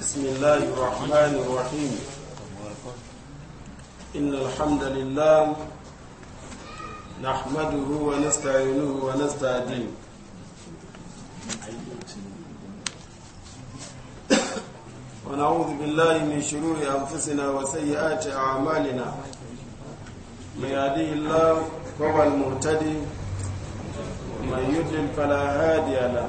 بسم الله الرحمن الرحيم إن الحمد لله نحمده ونستعينه ونستهديه ونعوذ بالله من شرور أنفسنا وسيئات أعمالنا من يهديه الله فهو المهتدي ومن يضلل فلا هادي له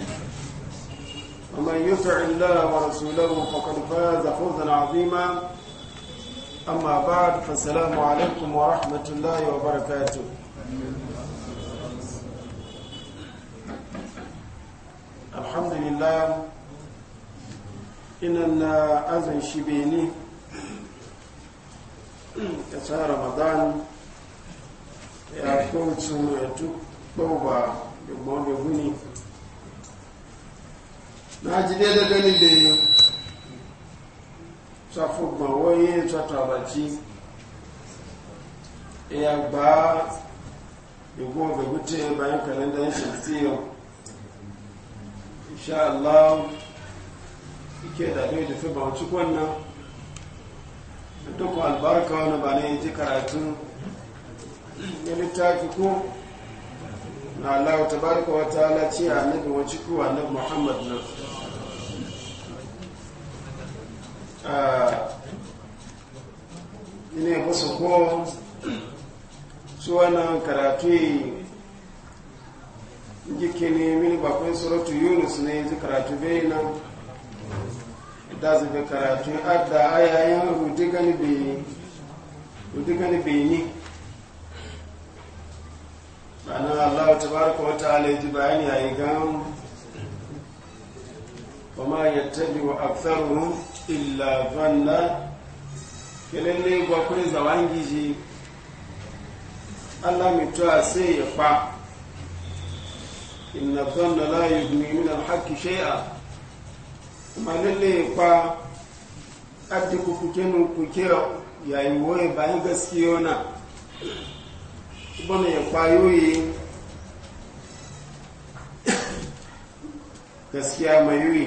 ومن يطع الله ورسوله فقد فاز فوزا عظيما أما بعد فالسلام عليكم ورحمة الله وبركاته الحمد لله إننا أذن شبيني كشهر رمضان يا كوتش يا توب بوبا بمون بغني na ji dai da gani da yi tsafo gbanwoye tsatabaci ya gba igun ga gute bayan kalandar shamsiyar insha Allah ike da bai da fi ba wacce kwanan duk albarka wani ba ne ji karatu ya littafi ko na Allah ta wa ta'ala ce a nabi wa ciku a nan Muhammad nan ah, ina musu ko su wannan karatu yake ne mini bakwai suratu yunus ne yanzu karatu bai nan da zube karatu adda ayayen rudigani bai rudigani bai ni ana Allah tabaraka wa ta'ala yaji a yayi gan wa ma yattabi'u aktharuhum illa dhanna kelele gwa kuri zawangiji Allah mitwa sai ya fa inna dhanna layi yughni min al-haqqi shay'a kuma lalle fa addi kukukenu kukera yayin yayi woye bayan gaskiyo na bọ́nà ẹ̀pá yóò gaskiya mai yi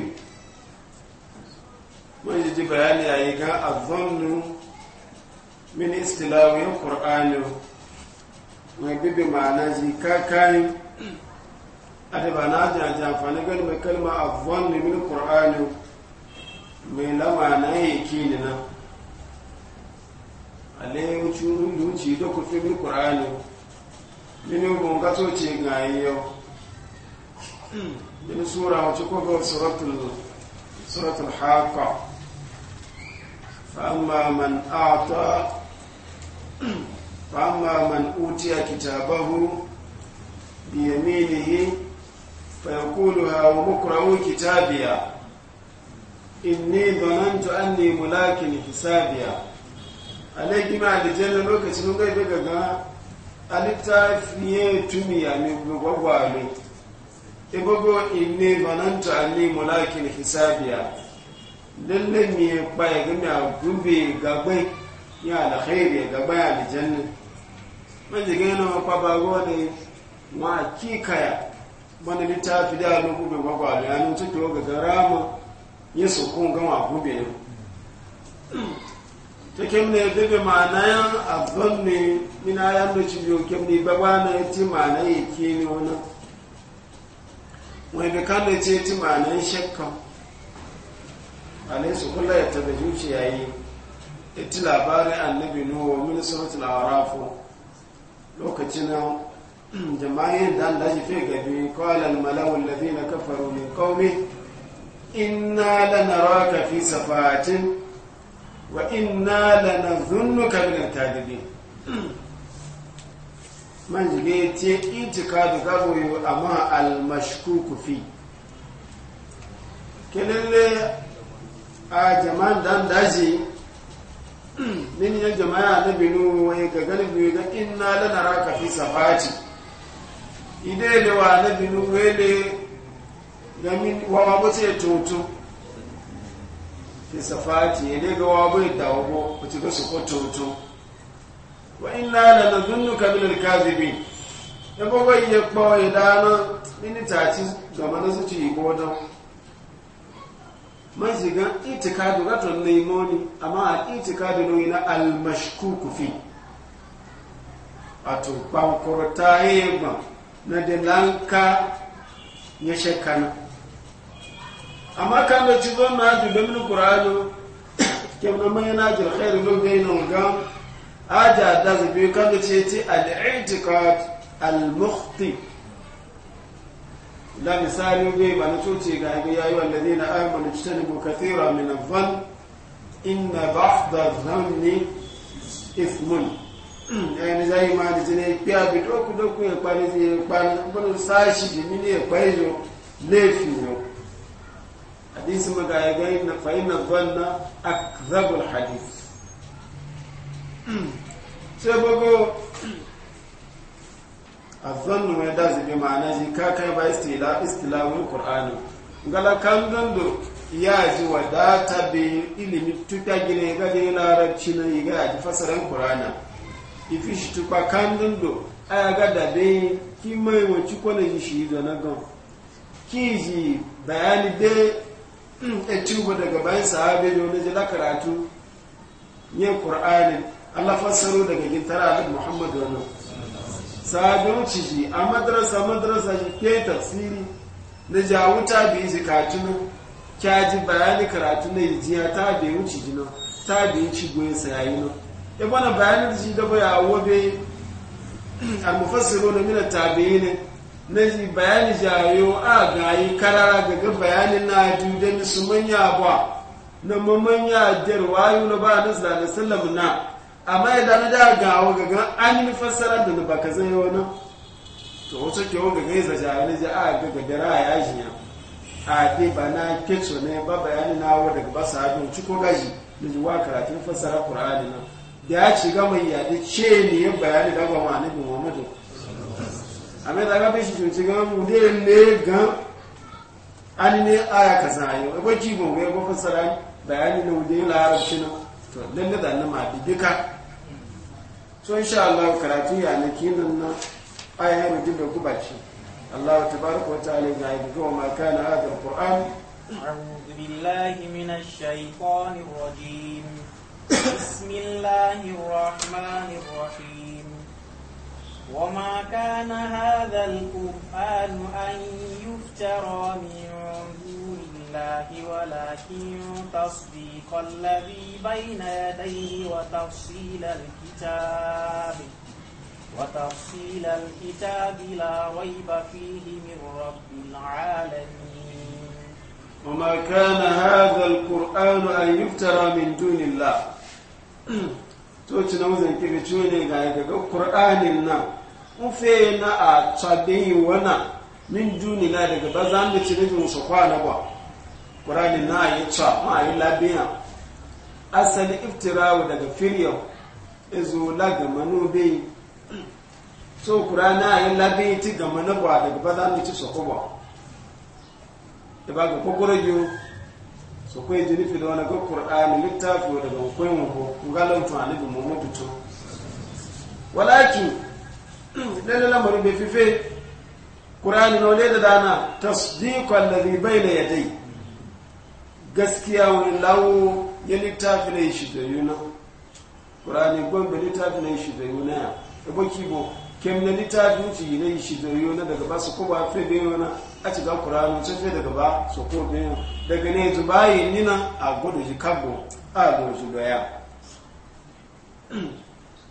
mun ji bayani a yi ga azonnu min istilawin ƙur'anin mai bibi ma'ana ji kakayin adaba na jaji amfani gani mai kalma azonnu min ƙur'anin mai lama na yake ne na alayyar wucin rundu wuce da kufin min ƙur'anin nínú ogun ká tó ti gàn àyíyọ nínú súra àwọn tí kò bọ́ sọ́rọ̀tù haqqa fa'amma man ata fa'amma man utiya kitabahu bi yaminihi fa yaqulu ha wa mukrahu kitabiya inni dhanantu anni mulakin hisabiya alayki ma aljanna lokacin ga ga alitafiye tumiya mi gwagwalo igogo e ine mananta ne mulakin hisabiya lalle mi pa ya gami a gumbe gagbai ya alakhairi ya gaba ya aljanna man jiga na mafa ba gode ma kikaya wani littafi da alu gube gwagwalo ya nutu ga garama yin sukun gama gube ne ta kemne daga manayan abban ne ina yan da ci biyo kemne gaba na ya ti manayan ya ke ne wani wani da da ce ti manayan shakkan alaisu kula ya taɓa zuciya yi ya ti labarin annabi nuwa min suratul arafu lokacin jama'in da an daji fi gabi kawalan malawun lafi na kafaru min kaumi inna lanaraka fi safatin wa inna zunnu min al-kadibin man jige ce itikadu gabo yo amma al-mashkuku fi kelele a jama'an dan daji min ya jama'a na binu wai ga galibi ga inna lanaraka fi safati idele wa na binu wele da min wa mabuce tutu fi safati ya daga wabai tawo ku ci gasu ko toto wa inna la nadhunnuka min al-kadhibin ya bogo ya kpo idana ni ci gaba na suci ibo don man shiga itikadu raton naimoni amma a itikadu ne na al-mashkuku fi wato bankurta yegba na dilanka ya shekana amma kan da ci zon na ju domin kurajo kem na mai na jin khairu lo bai nan ga aja da zabi kan da ce ti al-i'tiqad al-mukhti la misali bai ba na tuce ga ga yayi wallazina amanu tajtanibu kathira min adh-dhann inna ba'd adh-dhanni ithmun ẹni zai ma di jine pe abi doku doku e pa ni e pa ni bo sai shi bi mi ni e pa yo lefi hadisi magaya na inna fa inna dhanna akdhabul hadith sai bago azannu mai da ma'ana ji ka kai ba istila istilawul qur'ani gala kan dando ya ji wadata bi ilimi tuka gine ga dai larabci na ga ji fasaran qur'ana shi tuka kan dando aya ga da dai ki mai wanci kwana ji shi da na ki ji bayani dai e hmm, tuba daga bayan sahabe da wani jila karatu ne qur'anin Allah fassaro daga gintara muhammadu wani. Sahabe wuce ciji a madrasa madrasa shi ke tafsiri na jawuta bi ji katunu kyaji bayani karatu na yi jiya ta bi wuci jino ta bi ci goyin sayayi no Ya bana bayanin shi da bayawo a al mufassiru na tabi ne. na bayani jayo a gayi karara daga bayanin na dude ni su manya ba na mamanya jar wayo na ba na sallallahu sallam na amma idan da gawo gaga an yi fassara da ba ka zai wani to wata ke wanga gai za jayo ne ji a gaga dara ya ji ya a dai ba na kitso ne ba bayanin na wa daga basa sahabin ci ko gaji da ji wa karatun fassara qur'ani na da ya ci gama ya ce ne bayani da ga ma muhammadu amẹ́ta gbá bẹ́ṣì ṣe gan múdé lé gan a ní ní aya yau ẹgbẹ́ kí gbogbo ẹgbẹ́ fásara bayani na wude yin larabci na to lalle da na mafi duka so insha Allah karatu ya na kinan na aya ya rudu da gubaci Allah ta baraka wa ta'ala ga yi ga ma kana hada alquran أعوذ بالله من الشيطان الرجيم بسم الله وما كان هذا القرآن أن يفترى من دون الله ولكن تصديق الذي بين يديه وتفصيل الكتاب وتفصيل الكتاب لا ريب فيه من رب العالمين وما كان هذا القرآن أن يفترى من دون الله توتنا وزن كيف تشوني قاعدة قرآن النار ufe na a tsadin wana min juni na daga ba za mu ci rubin su kwana ba ƙurani na yi ca ma yi labiya asali iftirawo daga firya izo la ga manobe so na yi labiya ti ga manaba daga ba za mu ci su ba da ba ga kwakwara yo so kwaye yi jini fi da wani ga qur'ani littafi daga koyon ko ngalan to annabi muhammadu to walakin lalle lamarin bai fife ƙurani na wale da dana tasdiqan ladhi bayna yadai gaskiya wani lawo ya littafi na shi da yuna ƙurani gwambe littafi na shi da yuna ya ebo kibo kem na littafin ci na shi da yuna daga ba su kuma fe da yuna a ci ga ƙurani sun fe daga ba su ko da yuna daga ne zubayi nina a gudu ji kabo a gudu ya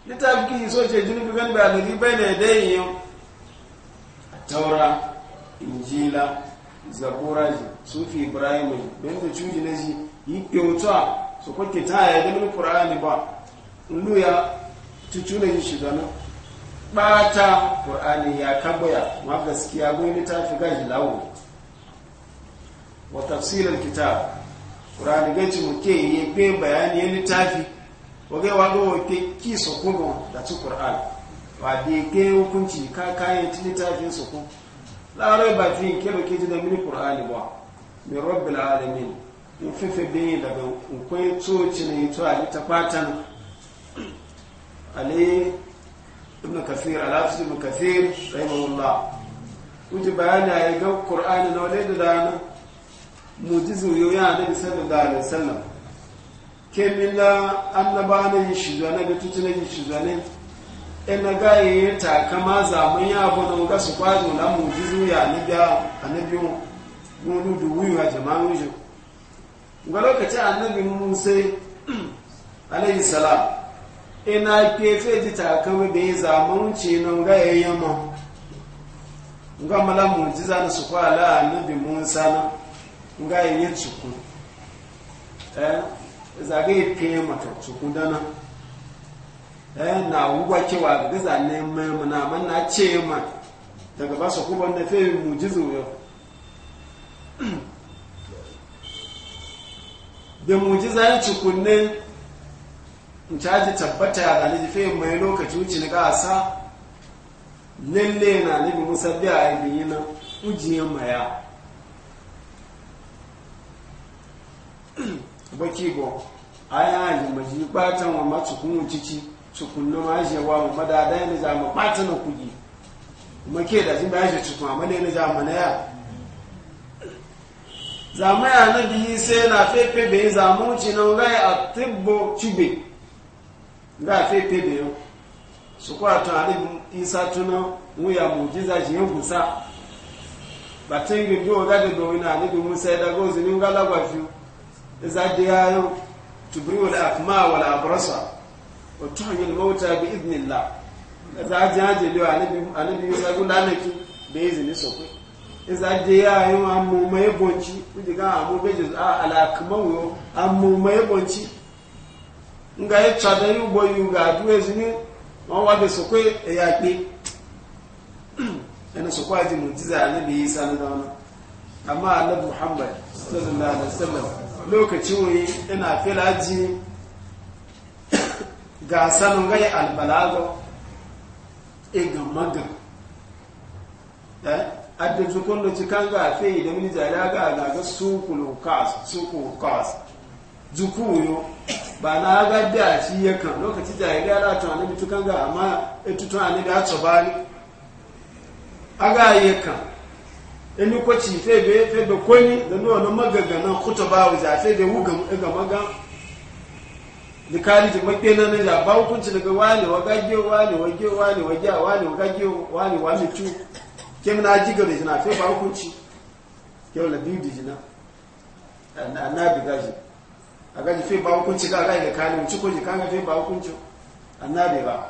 littafi kishi so ce jini bigan da alali bai da yi yau taura injila zabura ji sufi ibrahim don da cuji na ji yi kyauta su kwake ta ya kur'ani ba nlu ya cucu na ji Ba ta bata kur'ani ya kagoya ma gaskiya goyi littafi gaji lawo wa tafsirar kitab kur'ani gaci muke yi bayani ya littafi wage wago ke ki sokuno da ci qur'an wa de ke hukunci ka kayan tilitafin sokun la raiba fi ke ba ke ji da mini qur'an ba min rabbil alamin in fefe bin daga kwai tsoci ne to ali ta fatan ali ibn kafir al-hafiz ibn kafir rahimahullah wuce bayani a yi ga qur'ani na wadai da dana mujizu yoyi a nabi da alaihi wasallam kemila annaba ne shi zane da tutuna ne shi zane ina ga yi ta kama zamun ya abu da muka su kwazo na mujizu ya mu anabi gudu da wuyu a jama'an shi ga lokacin annabi musa alayhi salam ina kefe ji ta kama da yi zamun ce na ga yi yamma ga mala mujiza na su kwala annabi musa na ga yi yi cikun zagaye fe matarci kudana ɗaya eh, na wuwa cewa ga zane mai muna manna ce ma daga ba su kuma na fe mu ji zuwa da mu ji zai cikunne in caji tabbata ya zane ji fe mai lokaci wuce na gasa lalle na bi musa biya a ibi yi na ujiyen maya baki go aya ji maji batan wa matsukun cici sukun no ma je wa ma da da ne za mu batan ku ji kuma ke da jin ba je sukun ma ne za mu na ya za zama ya na bi sai na fefe be mu ci na ga ya tibbo cibe ga fefe be yo su kwa ta ni isa tuna mu ya mujiza ji yin gusa batin gido ga da do ina ni bi musa da gozi ni ga lagwa fiu zadiyayo wala akma wal abrasa wa yi mauta bi idnillah zajaje liwa anabi anabi yusa gulanaki be izini sokwe zajayayo amu mai bonci kujiga amu beje ala akma wo amu mai bonci nga ye tsada yu bo yu ga du ezini won wa be sokwe e ya pe ene sokwa ji mutiza anabi isa na amma annabi muhammad sallallahu alaihi wasallam lokacin wani ina filaji ga sanin gai albalago igan e magan eh, adda zukun da cikin gafe da mini jari ga gaga sukulu kas sukulu kas zukuyo ba na ga da shi ya kan lokaci jari ga da tunanin mutukan ga amma a eh, tunanin da ta a aga ya kan inu kwaci febe febe kwani da nuna wani magaga nan kuta ba wa zafe da wuga ga maga da kari da mafi na na ya ba hukunci daga wani wagage wani wage wani wage wani wagage wani wani tu kem na jiga da jina fe ba hukunci kyau na biyu da jina na bi gaji a gaji fe ba hukunci ga gaji da kari mu ci ko ji kan ga fe ba hukunci annabi ba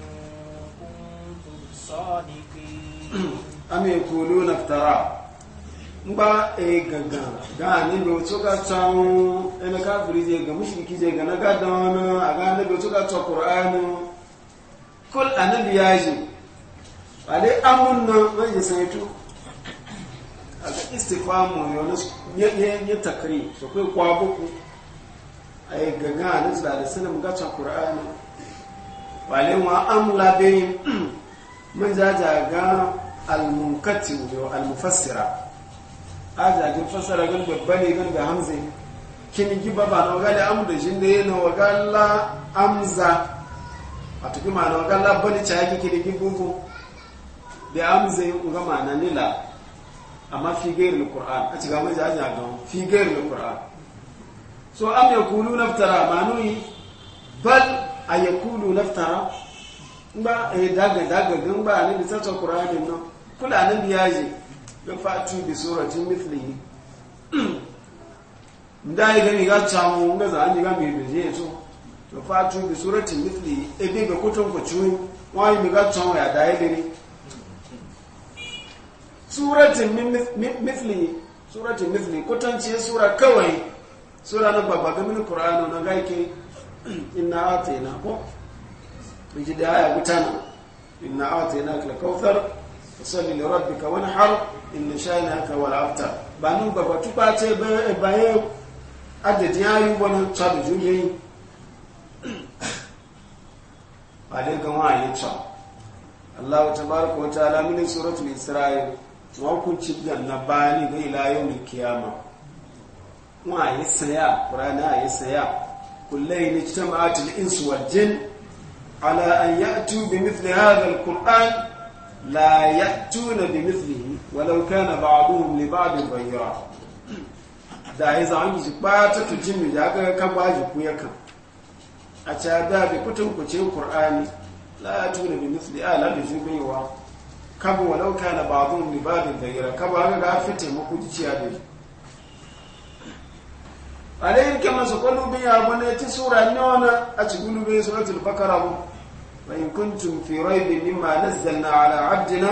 الصادقين أم يقولون افتراه ngba e gaga ga ni lo mun jaja ga almunkati jo almufassira a jagin fassara gan babba ne gan da hamze kini giba ba na wagali amu da jin da yi na wagala amza a tuki ma na wagala bani ca yaki kini gibubu da amza yi kuma ma na nila amma fi gairi da qur'an a ci ga mun jaja ga fi gairi da qur'an so am yakulu naftara ma nuyi bal a yakulu naftara ba eh daga daga gan ba ne bisa ta qur'ani no kula nan biyaji da fatu bi suratin mithlihi ndai ga ni ga chamu ga za ni ga bebe je so da fatu bi suratin mithlihi e bi ga kutun ko chuwi wai mi ga chamu ya dai dai suratin mithlihi suratin mithlihi kutanci sura kawai sura na babba ga min qur'ani na ga ke inna atina ko biji da ya gutana inna a'tainaka al-kautsar fasalli li rabbika wanhar inna shani'aka wal abtar ba nu ba ba tuba ce ba ba ye adadi ayu wani tsabi juye ba dai kama ayi tsabi Allah tabaraka wa ta'ala min suratul Isra'il wa kun cibdan na bani ga ila yawmil qiyama wa yi saya qur'ana yi saya kullay ni jama'atul insu wal jin على أن يأتوا بمثل هذا القرآن لا يأتون بمثله ولو كان بعضهم لبعض ظهيرا da ya zama yi ba ta tujin mu ya ga kan ba kan a ca da bi kutun ku ce qur'ani la tuna bi misli ala bi jubaiwa alayhi kama su kwallo bin ya bane ti sura ne wana a cikin lubin suratul bakara bu wa in kuntum fi raibin mimma nazzalna ala abdina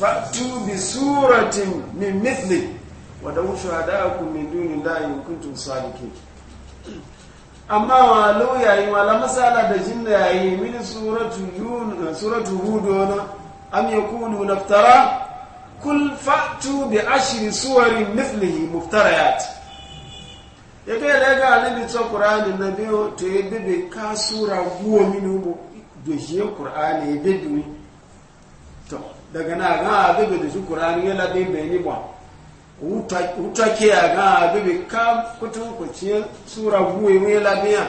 fa'tu bi suratin min mithli wa dawu shuhada'akum min duni llahi in kuntum sadiqin amma wa law yayi wa la masala da jinna yayi min suratu yun suratu hud na am yaquluna naftara kul fa'tu bi ashri suwarin mithlihi muftariyat ya kai da ga alibi tsa qur'ani na biyo to ya bebe ka sura guwa mini mu dojiye qur'ani ya bebe mi to daga na ga bebe da shi qur'ani ya labe ni ba uta ke a ga bebe ka kutu ku sura guwa mu ya labe ya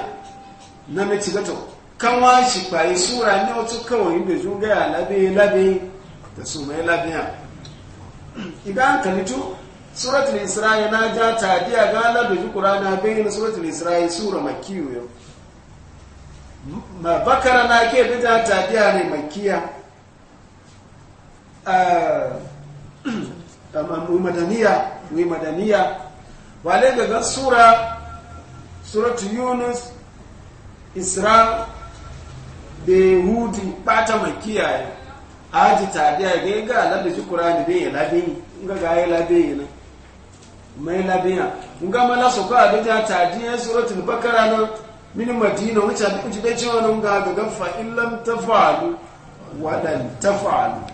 na me ci gato kan wa shi kwaye sura ne wato kawai da junga ya labe labe da su mai labe ya idan ka nito suratul isra'i na ja tafiya ga da da na bayin suratul isra'i sura makiyu. ma bakara na ke da ja tafiya ne makiya a ah, tamam madaniya wi madaniya wale daga sura suratu yunus isra da hudu bata ya aji tafiya ga ga la da qur'ana bayin labin ga ga labin mai labiya nga mala so ko abita ta diyan suratul bakara no min madina wuce da kuji da cewa no ga ga fa illam tafalu wa lan tafalu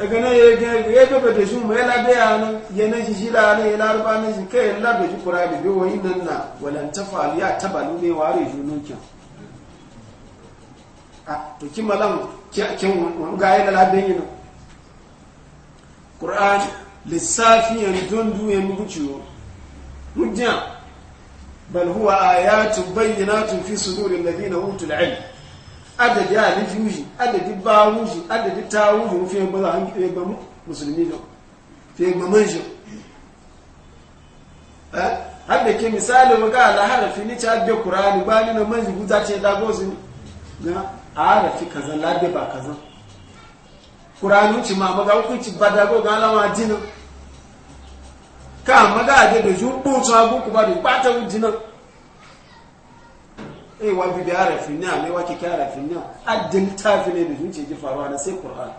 daga ne ya ga ya ga da shi mai labiya no ya na shi shila ne ya larba ne shi kai la da ji qur'ani bi wa innan na wa lan tafalu ya tabalu ne ware junukin a to kimalan kin ga ya labiya no qur'ani lissafi yan dundu yan buciwo hujja bal huwa bayyana tun fi dina alladhina da ilm adadi a alifi wuji adadi ba wuji adadi ta wuji mu fiye gbaza an fiye gbamu musulmi ne fiye gbaman shi eh? har da ke misali maka ala harafi ni ta be kurani ba ni na manji guta ce dagozi na a harafi kaza labe ba kaza kuranu ci ma maga hukunci badago ga alama jina ka maga ade da ju butu abu ku ba da pata jina eh wa bi da rafin ne me wa ki ka rafin ne addin tafi ne da zuciya ji faruwa na sai qur'an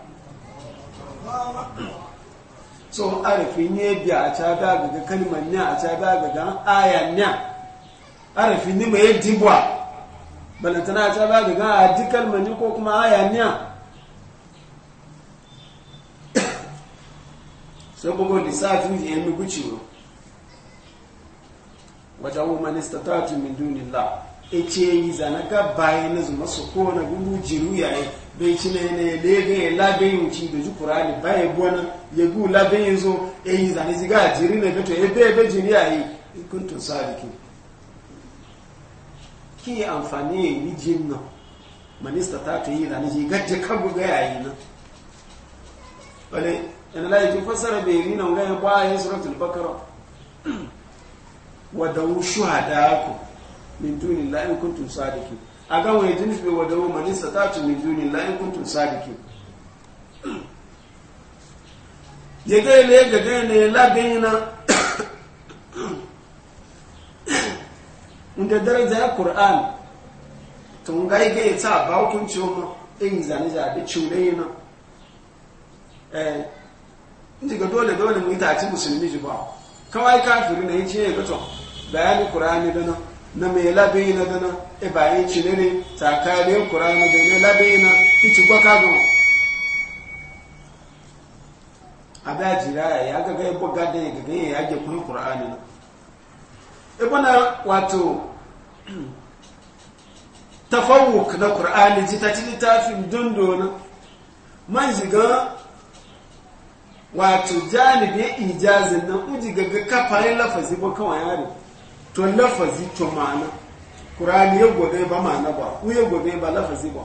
so arafin ne biya a ta daga ga kalmar ne a ta daga ga aya ne arafin ne mai dibwa balantana ta daga ga a kalmar mani ko kuma aya ne sai kuma lissafin da ya mi gucewa wajen wa manista tatun min la e ce yi zanaka bayan na zuma su ko na gudu jiru yayi bai ci ne ne lege ya labe yin ci da ji kurani bayan buwana ya gu labe yin zo e yi zane ziga jiri na gato e e ya bai bai jiri yayi ikuntun e sadiki ki amfani ya yi jin nan manista tatun yi zane ji gajjaka kan buga yayi nan yana la tun fassara bai yi na wurin bayan suratul bakara wadawu shuhada ku min dunin la'in kuntun sadiki a ga wani jini bai wadawu manista ta ci min dunin la'in kuntun sadiki ya ga ne ga ga ne labin na inda daraja ya qur'an tun ga ga ya ta ba hukunci ma in zane zabe cure yana eh inji ga dole dole mu ita musulmi ji ba kawai kafiri na yace ya gato bayani qur'ani dana na me labe na dana e bayan ci ne ne takare qur'ani da ne labe na kici gwa kago abaji raya ya ga ga buga gade ga ga ya ga kun qur'ani na e bana wato tafawuk na qur'ani ji ta ci littafin na man shiga wato janibin ijazin nan uji gaga kafayen lafazi ba kawai yare to lafazi to ma'ana ƙurani ya gobe ba ma'ana ba ku ya gobe ba lafazi ba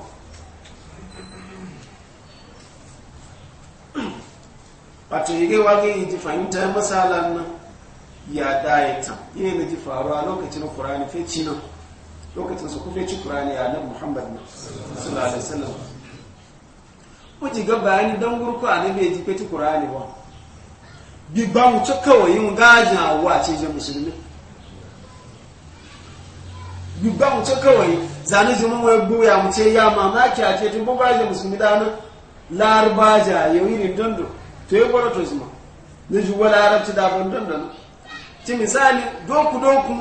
wato yi gaiwa ga yi ji fahimta ya masalan nan ya ta yi na ji faruwa lokacin ƙurani feci nan lokacin su kufe ci ƙurani ya nan muhammad na sallallahu alaihi wasallam wuce ga bayani don gurku a nabi ya ji feti kurani bi ba mu ci kawai yin gajin awa ce cijin musulmi bi ba mu ci kawai zane jimin wai goya mu ce ya mamaki a ce cikin bu gajin musulmi da nan larabaja yau irin dondo to yi gwada to zuma na ji wala arabci da ban dondo na ci misali doku doku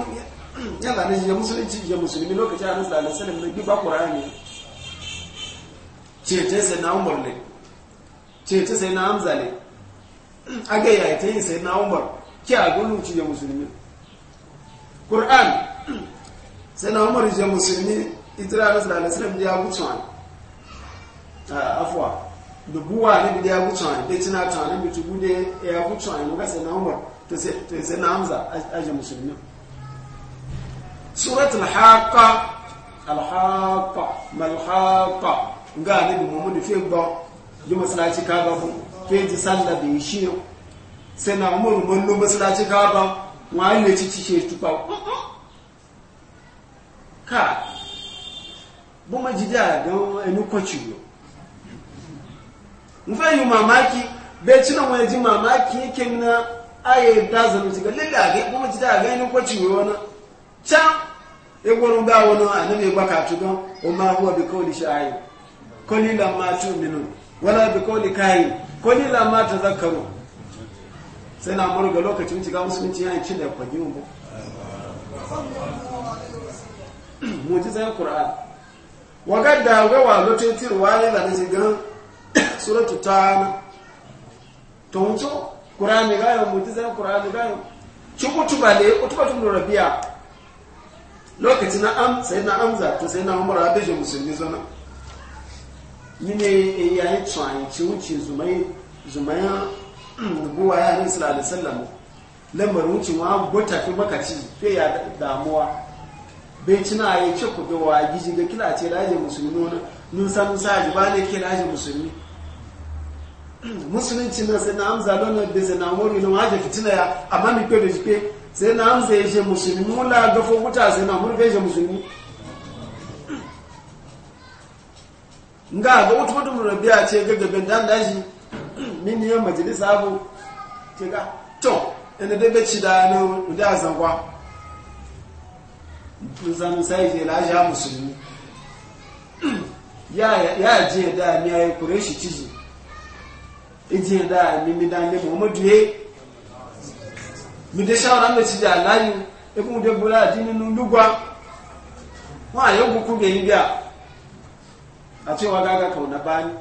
ya zane jimin musulunci jimin musulmi lokacin a nasu da alasalin na gbigba ne. cece sai na umar ne cece sai na amza ne aga yaya ta yin sai na umar ki a guluci ya musulmi ƙur'an sai na umar ya musulmi itira nasu da nasirar ya wuce a afuwa dubuwa ne bi ya wuce wani dai cina ta wani bi tubu da ya wuce wani muka sai na umar to sai na hamza aje musulmi suratul haqa al-haqa nga anabi muhammadu fe gbọ́ yi masalaci kaba bu fe ji sallah bai shi sai na umaru mallo masalaci kaba wani ne ci cike tupa ka bu ma jida don enu kwaci yau mu yi mamaki bai ci nan wani ji mamaki yake na aye da zanu ci ga lalla ga bu ma jida ga enu kwaci yau na can egwurin ba wani anabi ya gbaka tugan o ma huwa bi kawai sha'ayi Kolila ma tu'minun wala bi koli kai qalilan ma tadhakkaru sai na muru ga lokacin shiga musulunci yayin cin da kwaji mu sai qur'an wa gadda ga wa lokacin tirwa ne da shi gan suratu tan to mutu qur'ani ga muji sai qur'ani ga yau cikutubale utubatun rabiya lokacin na am sai na amza to sai na da abin musulmi zona yi yine yayi tsayi ci wuce zumai zumaya guwa ya nabi da alaihi lambar wuce ma gota fi makaci fe ya damuwa bai cina ya ce ku ga wa gizi ga kila ce da ajin musulmi nuna nun san sa ji ba ne ke da ajin musulmi musulunci na sai na amza lona da zai na mori na waje fitina ya amma mi pe jike sai na amza ya ce musulmi mula gafo wuta sai na murfe ya musulmi nga ga wutu wutu mu rabiya ce ga dan daji miniyan majalisa abu ce ga to ina da bace da no da zangwa mun san sai je la musulmi ya ya je da ni ayi e kureshi ciji e ije da ni mi da ne muhammadu ye mi de shawara e mu ci da layu de bula dinin lugwa wa yau a cewa gaga kauna bani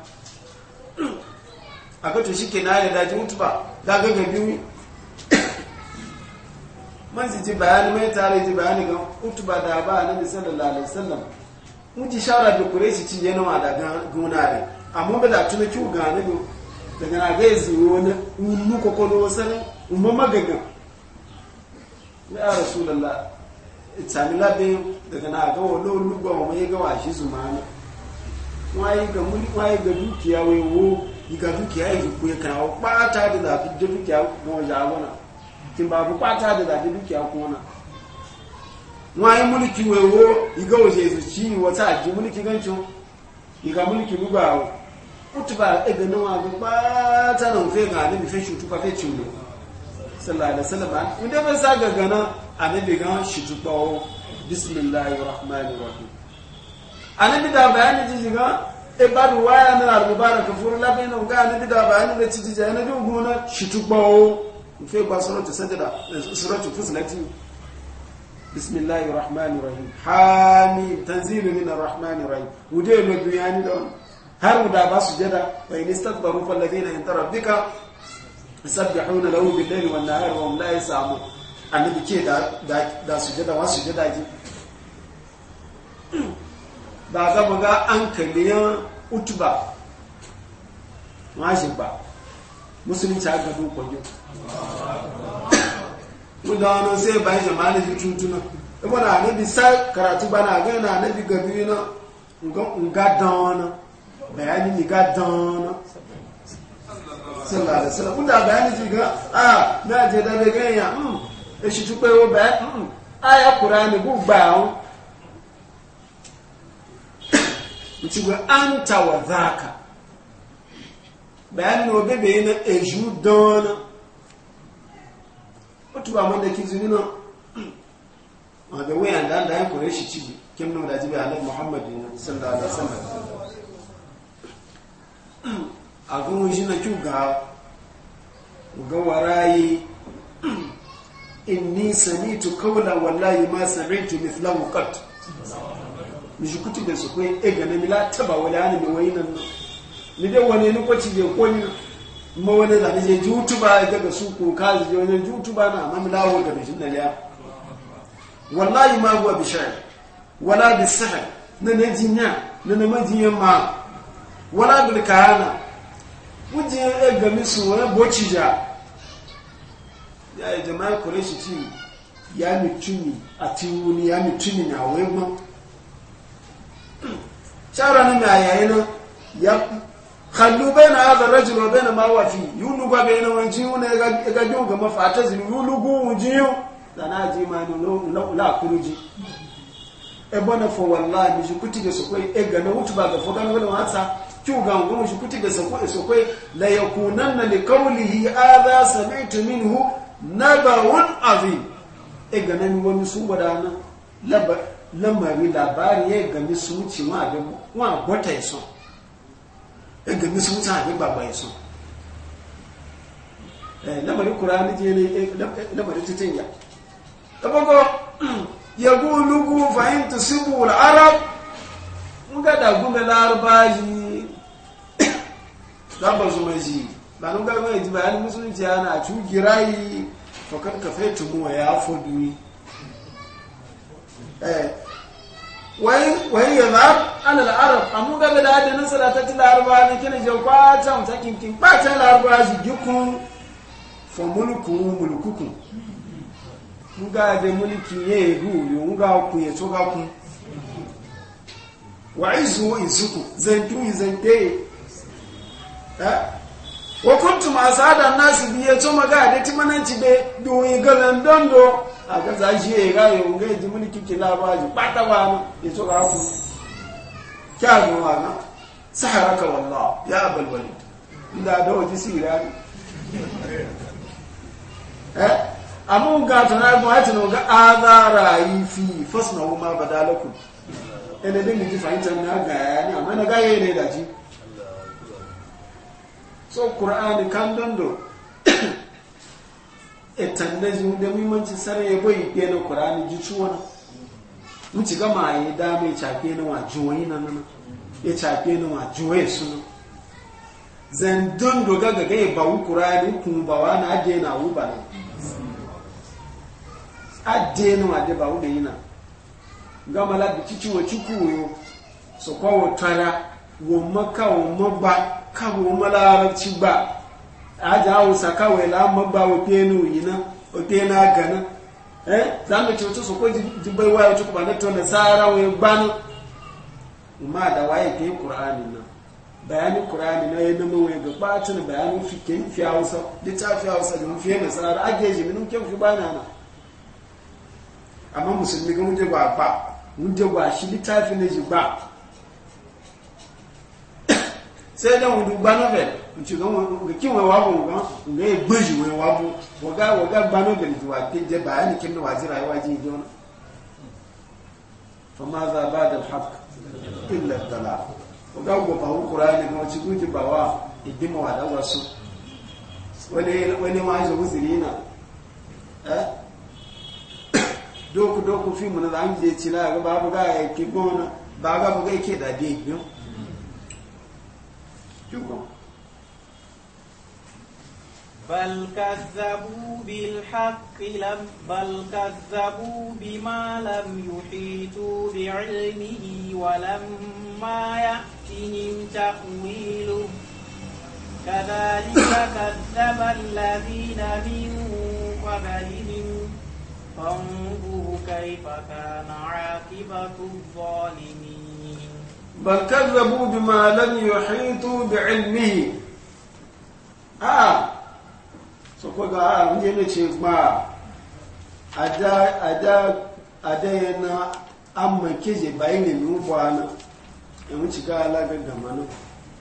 a kato shi ke na da daji mutu ba gaga ga biyu man si ji bayani mai tare ji bayani ga mutu ba da ba na bi sallallahu alaihi wasallam mun shara da kureshi ci yana da gunare amma ba da tuna kiwu ga na biyu daga na ga yanzu wani unu kokoro wasanin umma magagan ya rasu rasulallah itsamila bin daga na ga wani lugba wa mai gawa shi zumana waye ga muli ga dukiya wai wo iga dukiya yi ku ya kawo bata da da dukiya ko jagona tin babu bata da zafi dukiya ko na waye mulki wai wo iga waje su ci wata ji mulki gancho iga mulki rubawo utuba ega nawa ga bata nan fe ga ne fe shutu ka fe ciwo sallallahu alaihi wasallam inda ban sa ga gana annabi ga shi tubawo bismillahir rahmanir rahim bi da bayani jijiga e ba ruwaya na al-mubarak furu labin ga bi da bayani da cijija na jugu na shitubawo fe ba suratu sajda e, suratu fusilati bismillahir rahmanir rahim hami tanzilu min ar-rahmanir rahim wuje lo duyani don har da ba su sujada wa in istakbaru fal ladina inda rabbika yusabbihuna lahu bil layli wan nahari wa hum la yasamun annabi ke da da sujada wa sujada ji ba ga an kalli yan utuba mashi ba musulunci aka dun kwanye wanda wani sai bayan jama'a na tuntuna ibo na anabi sa karatu ba na gani na anabi gabi na nga dana bayani ni ga dana sallallahu alaihi wasallam bayani ji ga a ah, na je da ya hmm. e shi tupe wo ba hmm. aya qur'ani bu ba ntigwe anta wa dhaka bayan no bebe na eju dona otu ba mo de kizuni no ma be we anda anda ko re shi kibi, kim no da jibe annabi muhammad sallallahu alaihi wasallam agun shi na kuga ga warayi inni samitu qawla wallahi ma sami'tu mithlahu qat mishikuti da su kun ega eh, na mila taba wani ani mai wani nan ni dai wani ni kwaci je ko ni ma wani da je jutu ba daga su ko ka je wani jutu ba na amma mila wanda da shin da ya wallahi ma huwa bishai wala bisahr na ne jinya na na majiyan ma wala bil kahana wuje ega eh, mi su wani bocija ya jama'a kureshi ci ya mituni a tiwuni ya mituni na wai gwamnati shawara nan na yayi nan ya khallu baina hadha ar-rajul wa baina ma huwa fi yulugu baina wanjiyu na ga ju ga mafata zin yulugu wanjiyu dana ji ma la e fo wallahi shi kuti ga sokoi e ga na wutu ba ga fogan wala wasa kiu ga ngum shi ga sokoi e sokoi la yakunanna li qawlihi hadha sami'tu minhu naba'un azim e ga na mi wani su na, labar. lamari labari ya gami sunci wọn agbọ́ta ẹ̀sọ́ ya gami sunci àbí gbàgbà ẹ̀sọ́ lamari kura ní jẹ́ lamari titin ya tabbago ya gulugu fahimta sibu al'arab n gada gume larba yi zaba zuma ji ba nun gaba ya ji bayanin musulunci ana cugira yi fakar kafe tumu ya fudu eh wani ya za ana la'arab amma gaba da hajji nan salata ta laraba ne kina je kwata mata kinkin kwata laraba shi gikun fa mulku mulkukun muga da mulki ya yi ruyu nga ku ya toga ku wa izu izuku zantu zante ya wa masu asada nasu biye to maga da timananci be duwi galan dondo akaza shi ya ga yo ngai kiki muni kike labaji bata wani ya so ga ku kya wa na saharaka wallah ya abul walid inda da waje sira eh amma ga tana mu hatu no ga azara yi fi fasna huma badalakum ene din miji fahimta na ga ya ne amma na ga yayi ne da ji so qur'ani kan dondo etan da jin da muhimmancin sarai ya bai ke na kurani ji ciwon mu ci gama yi da mai cafe na wa juwai na nana ya cafe na wa juwai su zan don doga ga gai ba wu kurani kun ba wa na ajiye na wu ba ne ajiye na wa ba wu da yi na gama labi cici wa ciku yo so kwa wa tara wa maka wa magba ka wa malarabci ba aja hausa kawai la mabba wa penu yina o pena gana eh jibai na sara wa ma da waye ke qur'ani na bayanin qur'ani na yadda mun waye gaba tun bayanin fikin fi hausa litafi na sara age ji mun ke fi bana na amma musulmi ga mun je ba ba mun je ba shi litafi ne ji ba sai da mun duba nti ga kin wa wabo ga ga ya gbeji wa wabo waga waga bano da ni wa kin je bayani kin wa jira wa ji don fa ma za ba da haqq illa wa ga go ba hu qur'ani ga ci guji ba wa idima wa da wasu wani wani ma zo musulina eh doku doku fi mun da an je ci na ga babu ga ya ki gona ba ga bu ga ke da dai biyu بل كذبوا بالحق لم بل كذبوا بما لم يحيطوا بعلمه ولما يأتهم تأويله كذلك كذب الذين من قبلهم فانظروا كيف كان عاقبة الظالمين بل كذبوا بما لم يحيطوا بعلمه آه so ga a nje ne ce ba ada ada ada yana amma kije bayin ne mu bana e mu cika alaga da manu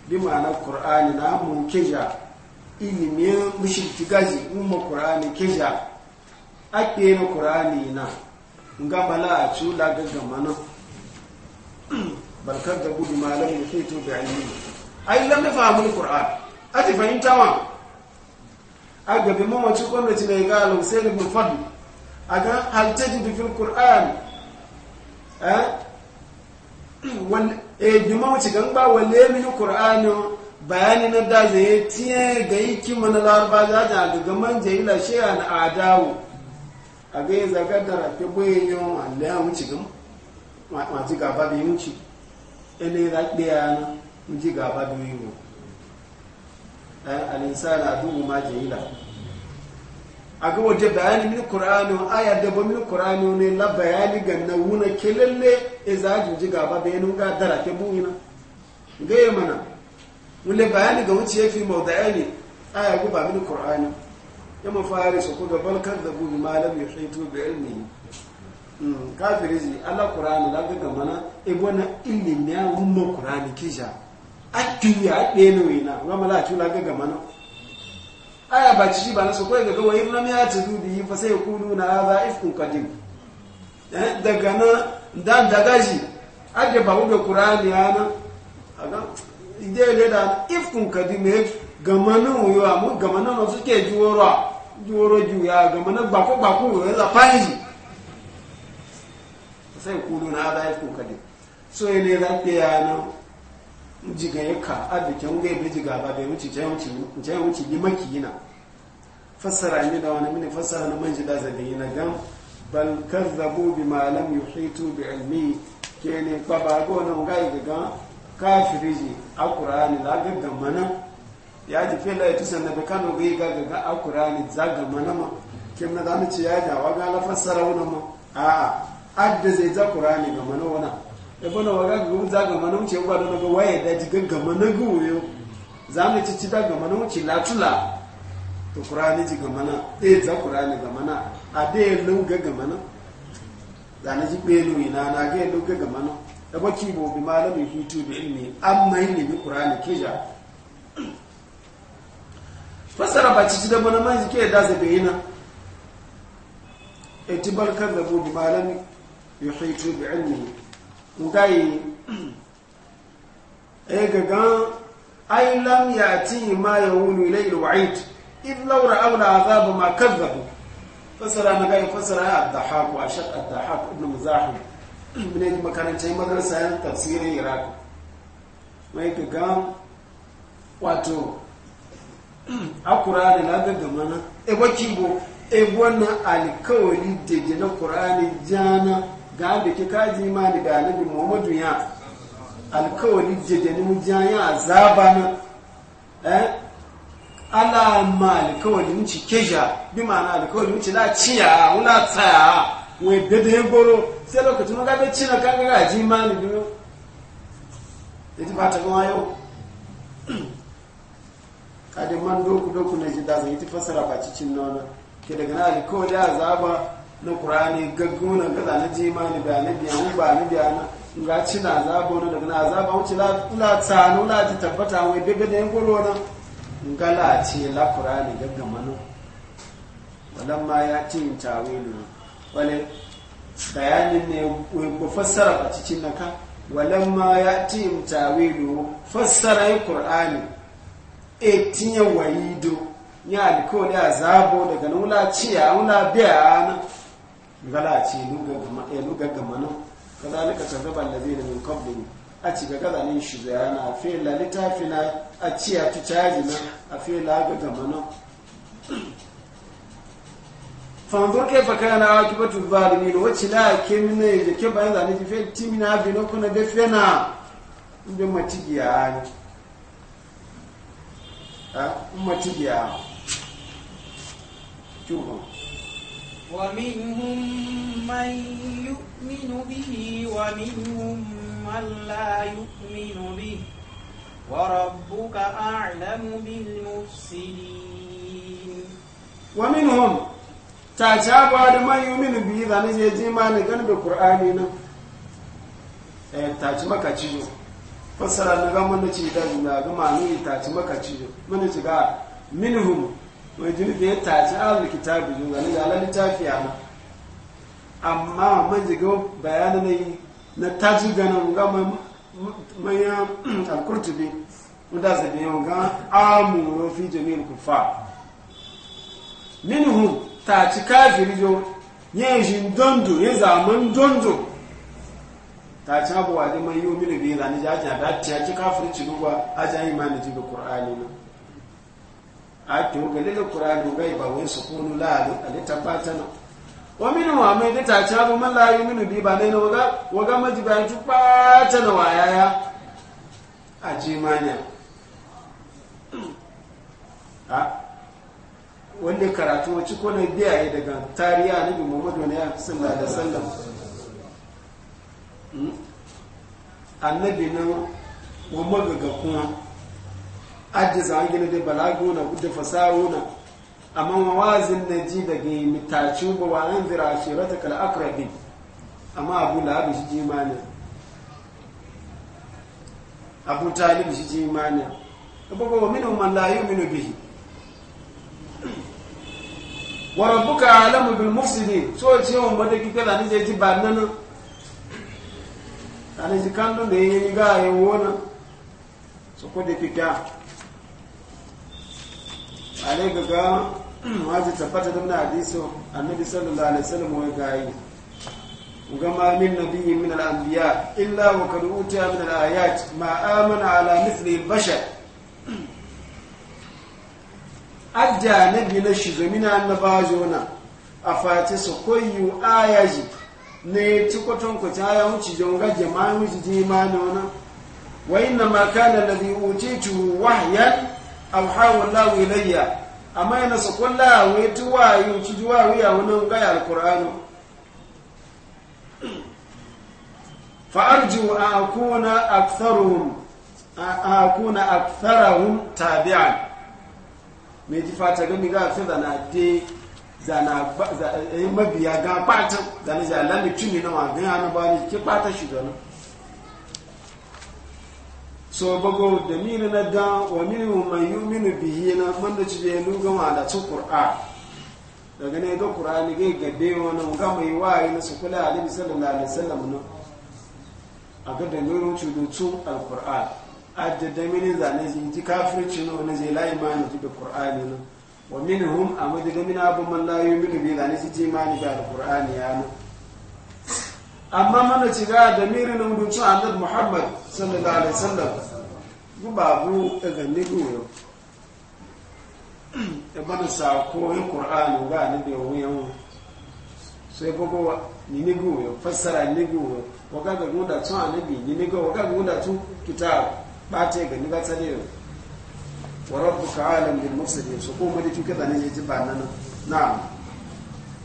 bi ma'ana qur'ani na mun kija ilimin mushirki gaji umma qur'ani kija ake na qur'ani na nga bala a ci la gaga mana barkar da gudu malam ya fito bi a yi lam na fahimu alquran ati fahimta wa a gabi mawacin gwamnati mai ga alhussein ibn fadl a ga haltaji da fil qur'an eh bi gan gangba wale min qur'ani bayani na da zai tiye ga yiki mana larba za ta daga manja ila shiya na adawo a ga yin zagar da rafi boye ne wa Allah ya wuce gan ma ji gaba da yi wuce ene ya ɗaya na mu ci gaba da yi wuce Eh, al'insana adubu ma jahila a ga waje bayani min qur'anu aya da ba min qur'anu ne la bayani ga na wuna kelelle e za ji ga ba bayanu ga dara ke buina ga yi mana wule bayani ga wuce ya fi mawda'ani aya guba min qur'anu ya mafari su ku ga bal kadzabu bi ma lam yuhitu bi ilmi hmm, ala la mun akiwi aɗe no ina nga mala atula ga gamano aya ba ci ba na so ko ga gawa ibn mi ati dubi yin fa sai kunu na hadha ifkun qadim eh, daga na dan daga ji ade ba ga qur'ani ana aga ide le da ifkun qadim e gamano yo amu gamano no suke juworo juworo ju ya gamano ba ko ba ko la panji sai kunu na hadha ifkun qadim so ne da ke ana jiga ya ka abikin ga ibe jiga ba bai wuce jayan wuce yi maki yana fassara ne da wani mini fassara na manji da zabi yana gan bal kazzabu bi malam yuhitu bi ilmi ke ne ba ba go nan ga yi ga kafiri ji alqur'ani la ga ga mana ya ji fela ya tusan na be kano ga ga ga alqur'ani za ga mana ma ke na zamu ci ya jawa ga la fassara wani ma a'a adda zai za kurani ga mana wani ebona waga gumu zaga mana mu cewa da daga waye da jigan gama na guwe zamu ci ci daga mana mu ci to qur'ani ji gama na eh za qur'ani gama na ade lu ga gama na zana ji be lu ina na ga lu ga gama na da e baki bo bi malami hitu bi ilmi amma ilmi bi qur'ani kija fasara ba ci ci da mana mai ke da zabe ina etibar kan da bo bi malami yuhitu bi ilmi ngai e gagan ai lam yati ma yawunu ilayhi alwa'id illa law ra'aw al'azab ma kadhabu fasara nagai fasara ad-dahhak wa ashad ad-dahhak ibn muzahim min makarantar madrasa tafsirin iraq mai gagan wato akurani na mana e wakin bo e wannan alkawari da jana qur'ani jana ga da ke kaji ma da galibi muhammadu ya alkawali jadani mujayen azaba na eh ala ma alkawali ni ci keja bi ma'ana alkawali ni ci la ciya wula tsaya wai bede goro sai lokacin ga be cina ka ga ji ma ni biyo ita ba ta gwa yau kadin man doku doku na ji da zai ta fasara ba cikin nona ke daga na alkawali azaba na ƙurani gaggunan gaza na jimani da na biyan ba ni biya ga ci na azaba wani daga na azaba wuce la tsano la ji tabbata wai bebe da yin golo na gala ce la ƙurani gaggama na wadan ma ya ci yin tawilu wale bayanin ne ba fassara a cikin na ka wadan ma ya ci yin tawilu fassara yin ƙurani e tinye wayido ya a zabo daga na wula ciya wula biya na galaci ce luga gama eh, nan kaza lika tazaban da zai da min kwabbin a ci ga gazanin shi zai na a fiye littafi na a ci a tucaji na a fiye ga gama nan fanzur kai faka na waki batu zalimi da wacce la ke mina ya jake bayan zane ji fiye timi na abin oku na dafe na inda matigiya ne matigiya kyuban Wamihun mayu mini bihi, wamihun malla yu mini bihi, wa rabu ka an lamu biyu cini. Waminhun taace a ba ni mayu mini biyi za ni iya jima'a ni ganbe kur'ani na. Ɛ da na ga ma na ce yadda a zama a yi ma a yi ma mai junubi ya tace alul kitabi juna ne ala littafi ana amma man jiga bayani yi na taji gana ga manya alkurtubi wanda su biyu ga amuru fi jami'in kufa minhu taci kafiri jo yin shi dondo ya zaman dondo ta ci abuwa da mai yi omini biyu zane ji ajiya da ta ci kafirci duk wa ajiya imani ji ga ƙur'ani na a tun ga lila kuranu gai ba wai su kunu lalu a lita batana wa minu wa mai lita ci abu man layu minu bi ba ne na waga majibayan ci batana wa yaya a ji jimaniya a wanda karatu wacce ko hmm? na biya ne daga tariya na bi muhammadu ne ya sallah da sallam annabi nan wa magaga kuma ajiza an gina da balago na da fasaho na amma mawazin na ji daga mitaci ba wa an zira a shira ta kala akrabin amma abu da abu shi jimanin abu talib shi jimanin abubuwa wa minu mallayu minu bihi wa rabbuka alamu bil mufsidin so ce wa mada kike da ni je ji ba nan ana ji kan don da yayi ga yayi wona so ko da kike alai ga wazi tabbatar da muna hadisi annabi sallallahu alaihi wasallam wai yi ga ma min nabiyyi min al anbiya illa wa kad utiya min al ayat ma amana ala mithli al bashar ajja nabi na shi zamina annaba jona afati su koyu ayaji ne tukoton ko taya wuci jonga jama'a wuci jima'a nona wa inna ma kana nabi utitu wahyan awhawa lawi layya amma yana su kulla wai tuwa yi su juwa wuya wani gaya alkur'anu fa'arju a kuna aktharuhum a kuna aktharahum tabi'an me ji fata gani ga fi zana de zana ba mabiya ga patan zana zalami tuni na wa gani ba ni ke pata shi da so bago da mini na ga wa mini mai yi mini biyi na manda ci biyu ga ma da daga ne ga ne ga gabe wani ga mai wayi na su kula alibi sallallahu alaihi sallam na a ga da nurin cudutu al-ƙur'an a da da mini zane zai ji kafirci na wani zai layi ma na da ƙur'an na wa mini hum a madaga mini abu man layu mini biyi zane ji ji ma ni ga al ne ya na amma mana ciga da mirin huduncin annabi muhammad sallallahu alaihi sallam wasallam gubabu daga nigoyo ya bada sako yin ƙur'anu ga ni da wuyan sai gogo ni nigoyo fassara nigoyo waga ga guda tun annabi ni nigoyo waga ga guda tun kitab bate ga ni ba tsare yau wa rabbuka alam bil mufsidin su ko mu da kike da ne ji ba nan na'am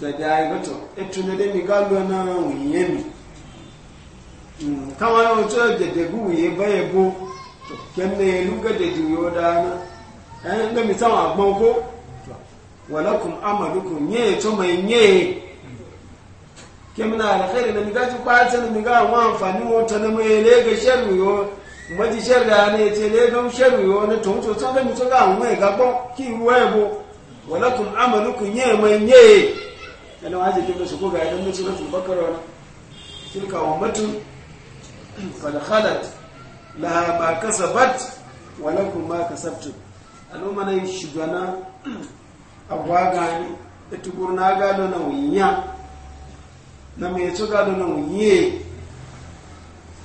gada ya gato etunde de migalo na wuye mi mm, kama na mutu da dagu wuye baye bo to kenne ya luga da juyo da na ɗan eh, da mi sama agbon ko walakum amalukum nye to mai nye kemna alkhairi na miga ji kwata na miga wa amfani wata na mai lega sharri yo maji sharri ne ce lega sharri yo na tonto to da mi to ga mu ga bo ki ruwa bo walakum amalukum nye mai nye yana waje jikin da su ko ga idan mutum na tubakar wani tilka wa mutum falhalat kasa bat, kasabat wa lakum ma kasabtum al'umma nan shugana a agwaga da etugur na gado na winya na mai ci gado na winye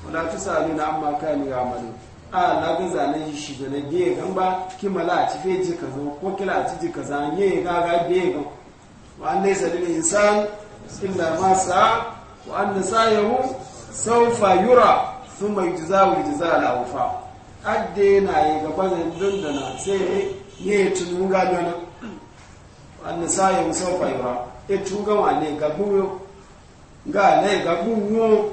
wadda ta sami na amma kayan ga amalu a na ga zane shi shugana biye gan ba kimala a ci ka kaza ko kila a ci ji yi ya ga ga biye gan وأن ليس للإنسان إلا ما سعى وأن سعيه سوف يرى ثم يجزاه الجزاء الأوفى أدينا يقبل دندنا سي يتنو غادونا وأن سعيه سوف يرى يتنو غواني غبويو غالي غبويو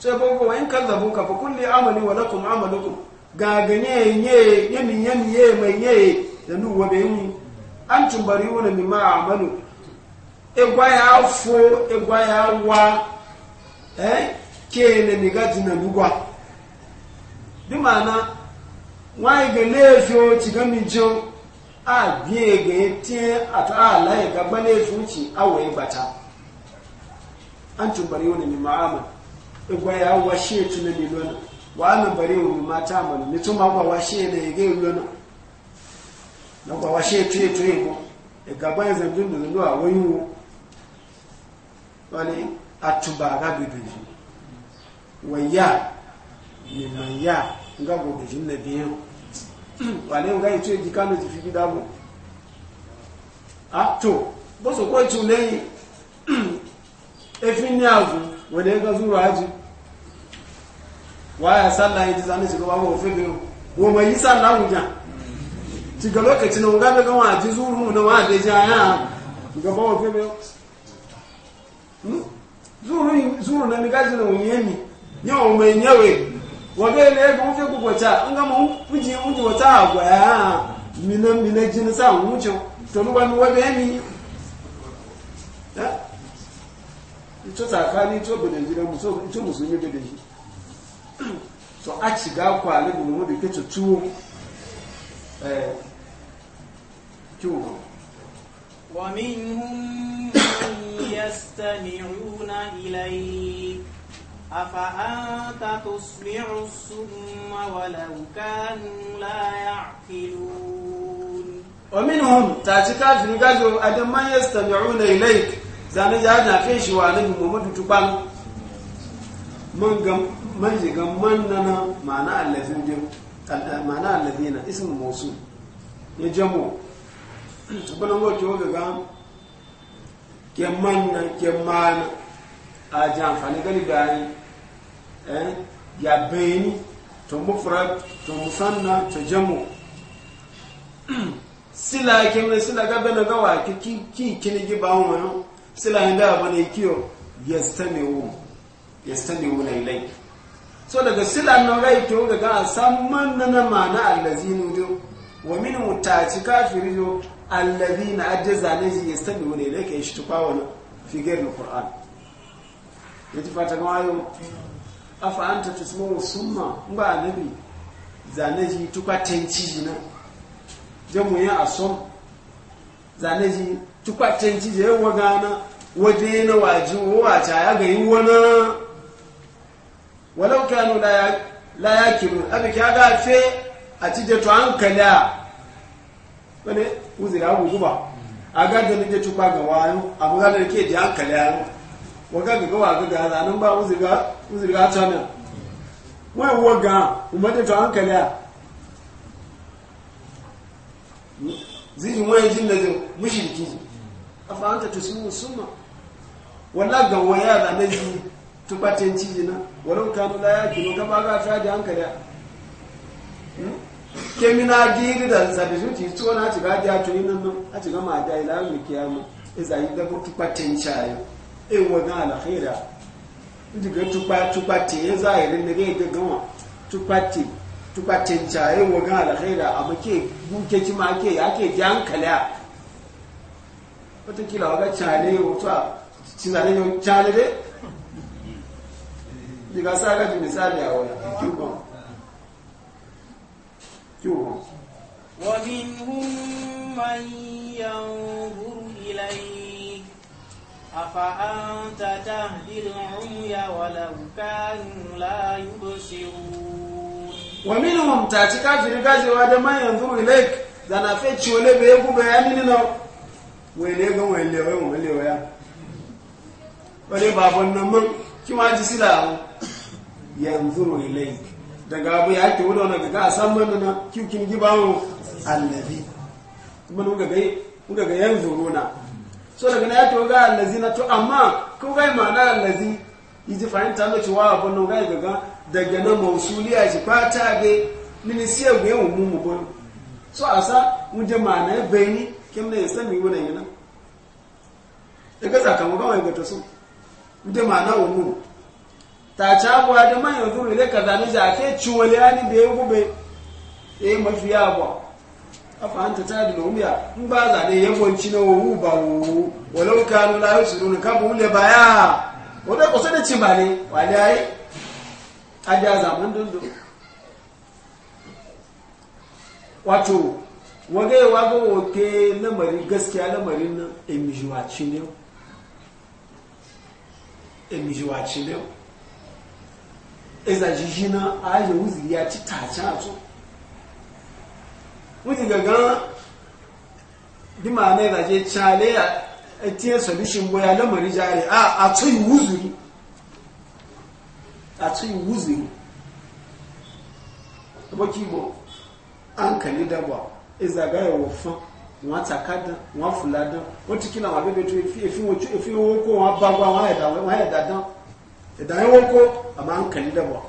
سيبوكو وإن كذبوك فكل عملي ولكم عملكم غاغني يمي يمي يمي يمي يمي يمي يمي na nima a amano egwa ya afo egwa ya wa eh kene ni gaji na bugwa bi mana wai ga lezo ci ga mi jo a bi ga tie ata ala ya ga bane zuci awe bata antum bariuna mimma amalu egwa ya wa shi na mi lona wa ana bariuna mimma ta amalu ni tuma wa shi ne ga lona na kwa washe tuye tuye ko igaba e zandun da zandu a wani atuba ga waya neman ya ga gobejin ne biyan wani ga yi tuye jikanu ti fi gida mu a to bó so kó ìtù lẹ́yìn efin ní ààbò wọ̀dẹ̀ ẹgbẹ́ zúrò ájú wáyà sálà ìdí sáà na lokacin na wanga daga waje zuru na waje ya gaba wa febe zuru zuru na migaji na wunyeni yawan mai nyawe wabe ne ya gama fe nga an gama wata agwa ya mina mina jini sa wuce to nuwa ni wabe ni ito tsakani ito bude jira muso ito shi so a shiga kwalibin mu ke tuwo شوفوا ومنهم من يستمعون إليك أفأنت تسمع الصم ولو كانوا لا يعقلون ومنهم تاتيكا فنجاجو أدم من يستمعون إليك زانا جانا فيش وعليه محمد تبان من جم من جم من ننا معنى الذين جم ma'ana alladhina ismu mawsul ya jamo bana ngo jo ga kemman na kemman a jan fani gali bayi eh ya bayni to mufrad to musanna to jamo sila kemne sila ga bana ga wa ki ki kini gi ba won sila inda bana kiyo yastamiu yastamiu ilayka so daga sila na rai to ga ga san man na na mana allazinu do wa min mutaci kafiri do allazina ajaza ne shi ya sani wani da kai shi tukwa wani figar na qur'an yaji fata ga ayo afa anta tusmu summa ba nabi zane ji tukwa tenci na jamu ya asom zane ji tukwa tenci je wa gana waje na waji wa ta ya ga yi wani walau kanu la yakiru abi kaga fe a cije to an a wani uzira abu guba a gada ne ci kwa ga wani abu gada ne ke ji hankali a waga ga gawa ga ga zanen ba uzira uzira ta ne wai waga umma to hankali a zai wani jin da zai mushriki afa anta tusimu summa wala ga waya da ne tubatin ciji na walau kanu la yaki no ka baga ta da hankali a kemina giri da zabi zuci to na ci gadi a tuni nan a ci gama da ila mu kiyama iza yi da tubatin chayo e wona alkhira diga tuba tubati ya zahirin ne ga gama tubati tubatin chayo wona alkhira amma ke buke ci ma ke ya ke ji hankali a wata kila waga cale wato a zane yau cale dai diga saka ji misali a wani kyukon kyukon ومنهم من ينظر إليك أفأنت تهدي العمي ولو ta لا يبصرون ومنهم تاتي كافر كافر وهذا ما ينظر إليك wale be ku be ani nino wele gan wele we wele ya wale babon nan mun ki ma ji sila yanzuru ilayk daga abu ya ke wani wani ga san mana na kyukin gibawo allazi kuma nuka ga nuka ga yanzuru zuruna so daga na ya ke ga allazi na to amma ko ga ma'ana allazi yiji fahimta na cewa abu nan ga gaga daga na mausuliya shi fata ga minisiya ga yawan mu mu bon so asa muje ma'ana bayani kim ne sami wuna yana daga sakamakon wani ga to so muje ma'ana wannan ta ci da man yanzu rile ka zane za a ke ciwale e, ya ni da ya gube ya yi mafi a fahimta ta da nomiya in ba zane ya gwanci na wowu ba wowu walau kanu na yau shiru ne ka bu wule wadda kusa da ci ba ne wale ya yi a zaman dundu wato waga yi waga woke lamarin gaskiya lamarin nan emijiwaci ne emijiwaci ne eza jijina aje wuziri ya ci tacin a tun wuzi gagan bi ma ne da je chale ya etinye solution boya lamari jari a ah, a tun yi wuziri a tun yi wuziri aboki bo an kali dabwa eza ga yawo fan wọn takadan wọn fuladan wọn tikila wọn abebe to efi efi wọn ko wọn bagba wọn ẹda wọn da dan idan ya wanko a ma hankali da ba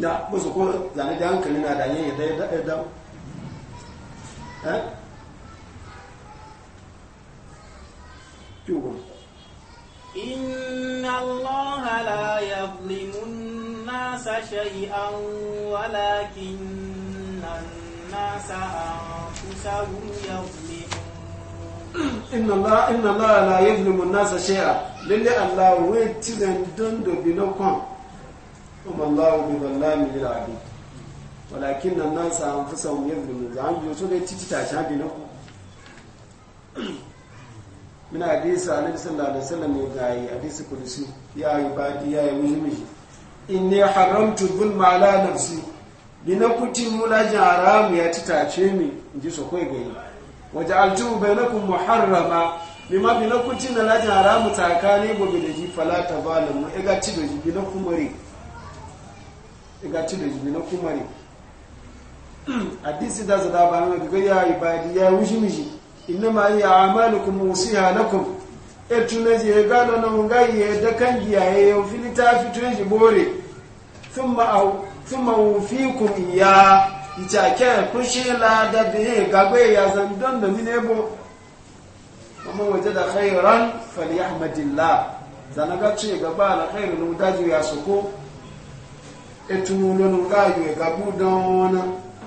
da musu ko zane da hankali na da yin yadda ya dawo إن الله لا يظلم الناس شيئا ولكن الناس أنفسهم يظلمون inna Allah inna Allah la yuzlimu an-nasa shay'a lalle Allah wai tidan don do binokon um Allah bi zallami lil abid walakin an-nasa anfusahum yuzlimu zan yi so dai titi ta sha binokon min hadisi annabi sallallahu alaihi wasallam ya gayi hadisi kudusi ya ibadi ya yi mujmiji inni haramtu zulma ala nafsi binakuti mulaji haramu ya titace mi inji so kai gayi waja'altuhu bainakum muharrama bima binakunti na lajin haramu tsakani gobe da ji fala ta zalimu iga ci da jibi na kumare iga ci da jibi na kumare hadisi da zada ba daga ya ibadi ya wushi miji ma ya amalukum musiha lakum e tunaji ya gano na da ya fili ta ìtàkẹ́ ẹ̀kúnṣẹ́ ládàbìnrin ìgbàgbé ìyàzàn dọ́ndọ̀ mí nébò ọmọ wòjẹ́ da khairan fẹ̀lẹ̀ ahmadilla zanaga tún ìgbàgbà alákhairu ní dájú ìyàsókó ètò olónú káàyò ìgbàgbú dánwọ́nà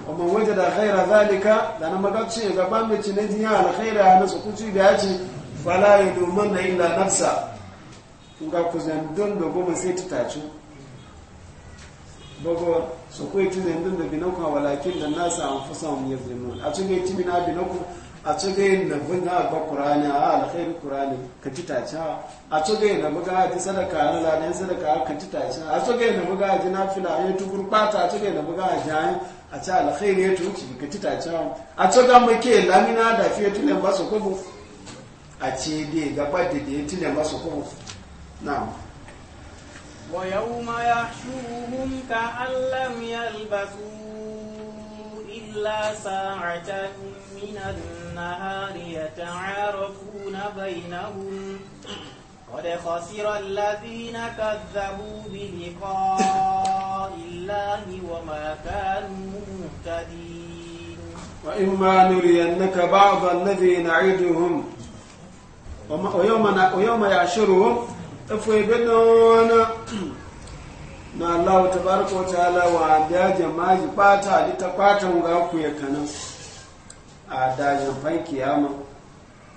ọmọ wòjẹ́ da khairan zálika zanaga tún ìgbàgbà méjì ní díyàn alákhairu àná sókú tún ìbí àti fàlàyé ìlú mọ́nà ilà su kai yi tunan din da kuma a walakin da nasa an fi samun ya zulmi a cikin yi timin a binanku a cikin yi na bin na agba kurani a alkhairu kurani ka ci tace a cikin yi na buga haji sadaka na ladan sadaka ka ci tace a cikin yi na buga haji na fila ya yi tukur kwata a cikin na buga haji hanyar a ci alkhairu ya tuci ka ci tace a cikin mai ke lamina da fiye tunan ba su kubu a ce dai gaba da ya tunan ba su kubu na'am ويوم يحشرهم كأن لم يلبثوا إلا ساعة من النهار يتعارفون بينهم قد خسر الذين كذبوا بلقاء الله وما كانوا مهتدين وإما نرينك بعض الذي نعدهم ويوم يحشرهم tafoye bena wana na Allah ta baraka ta ta'ala wa da jama'i kwata ali ta kwata ga ku ya kana a da jamfan kiyama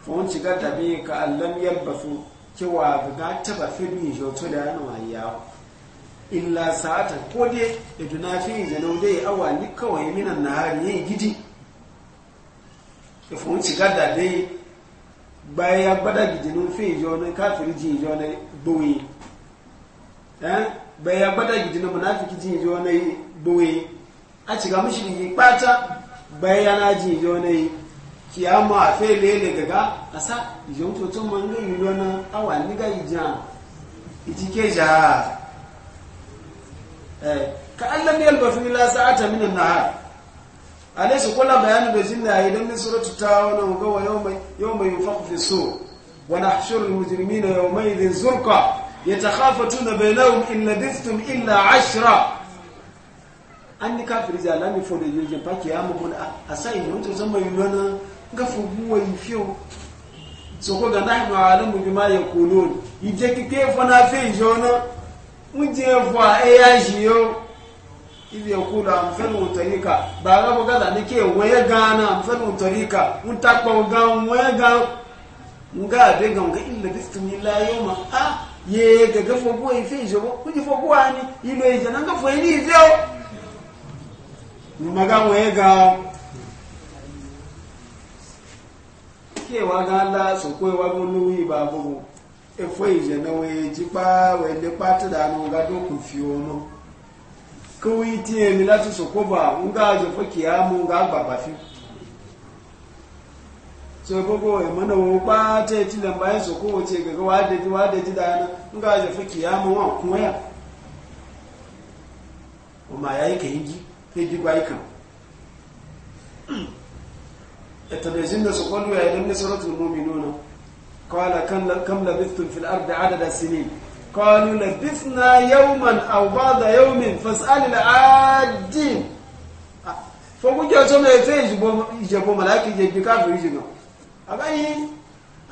fon shiga da bi ka allam yalbasu cewa ga ta ba fi ni jo to da nan ayya illa sa'ata ko dai da tunafi da nan dai awa awani kawai minan nahari yayi gidi fon shiga da dai bayan ya gbada gidinin fi jo ne kafin ji jo ne buwi eh bai ya bada gidi na munafiki jin jo na yi buwi a ciga mushriki bata bai ya na jin jo na yi kiyama a fe lele gaga asa ijo to to man ga yi lona awa ni ga ija itike ja eh ka ne allam yalbasu ila sa'ata min an-nahar alaysa kullu bayanu bi jinna idan suratu ta wa ga wa yawma yawma yunfaqu fi sur ونحشر المجرمين يومئذ زرقا يتخافتون بينهم إن لبثتم إلا عشرة أني كافر إذا لم يفعل يجب باكي يا مبون أسائل وانتو زمبا يمانا ngafu buwa yifiyo so ko ga nahnu alamu bima yaqulun ije kike fana fe jona muje fwa e ya jiyo ibi yakula amfani utarika ba ga boga da nike waya gana amfani utarika mutakpa ga waya gana nga be ga nga illa bistum illa a ye ga ga fo boy fe je bo kuji fo gwani ilo e jana nga fo ni zo ni maga we ga ke wa ga la so ko wa bo lu yi ba bo e fo e je na we ji pa we le pa ti da no ga do ku fi ono ko yi ti e mi lati so ko ba nga je fo ki amu nga baba fi so bogo ya mana wo ba ta yi tilan bayan su kowace gaga wa da ji wa da ji da yana in ga ya fi kiyama wa kuma ya kuma ya yi ka yi ji ta ji ba ikan ya tabbacin da su kwallo ya yi don nasarar mummi nuna kawala kam labistun fil arda adada sinin kawalu labisna yauman au ba da yaumin fasali da la'adin ah, fa kuke wato mai fe ijebo malaki jebi kafin ijina agayi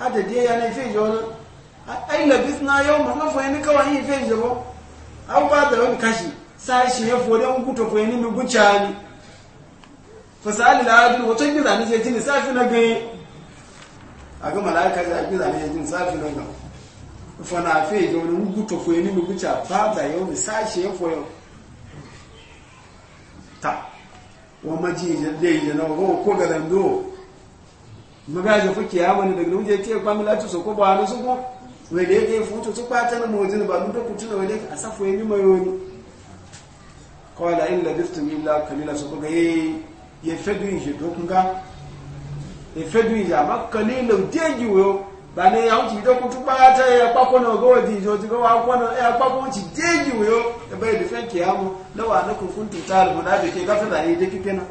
adadiye ya na ife ijo na ai na yau ma na foyeni kawai ife ijo bo abu ba da kashi sai shi ya fode un kuto foyeni mi gucha ni fasali la adu wato giza ni je jini safi na gani aga malaika ya giza ni je jini safi na gani fana afe ijo ni un kuto foyeni mi gucha ba da yau mi sai shi ya foyo ta wa maji je dai je na ko ga dan do magaji fa kiyama ne daga nuje ke kwa milatu so ko ba no so ko wele ke futo so kwa tana mo ba mun to kutu wele ka asafu yemi wani qala in labithtum illa qalila so ga ye eh, ye fedu je do kunga ye fedu ya ma qalila deji wo ba ne ya uti do kutu ba ta ya kwa ko no go di jo ti go wa ko no ya kwa ko ti deji wo e lawa na ko funtu tal da ke ga fe da ye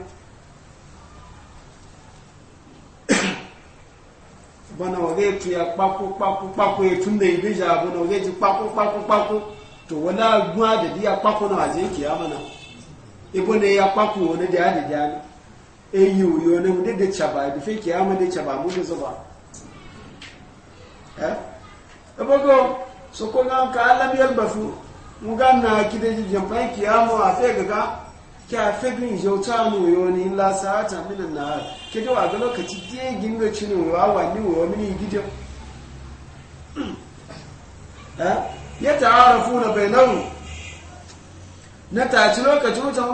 bana wage tu ya kpaku kpaku kpaku ya tun da ibe ja bana wage ji kpaku kpaku kpaku to wala gwa da dia kpaku na aje ki amana ibo ne ya kpaku wona da ya da ne eyi uyo ne mu de chaba bi fe ki amana chaba mu de zoba eh ebo go so ko nan ka alam yalbafu mu ganna kide ji jampai ki amo afe ga kí a fẹ́ gbìn ìṣe ọtọ́ àwọn òyò ní ńlá sáátà mílẹ̀ náà kéde wà gbọ́dọ̀ kàtí díẹ̀ gíngẹ̀ tí ó wà wà ní ìwọ̀ mí gídẹ́ yẹta ara fún ọ̀nà bẹ̀rẹ̀ náà na tàti lokacin mutum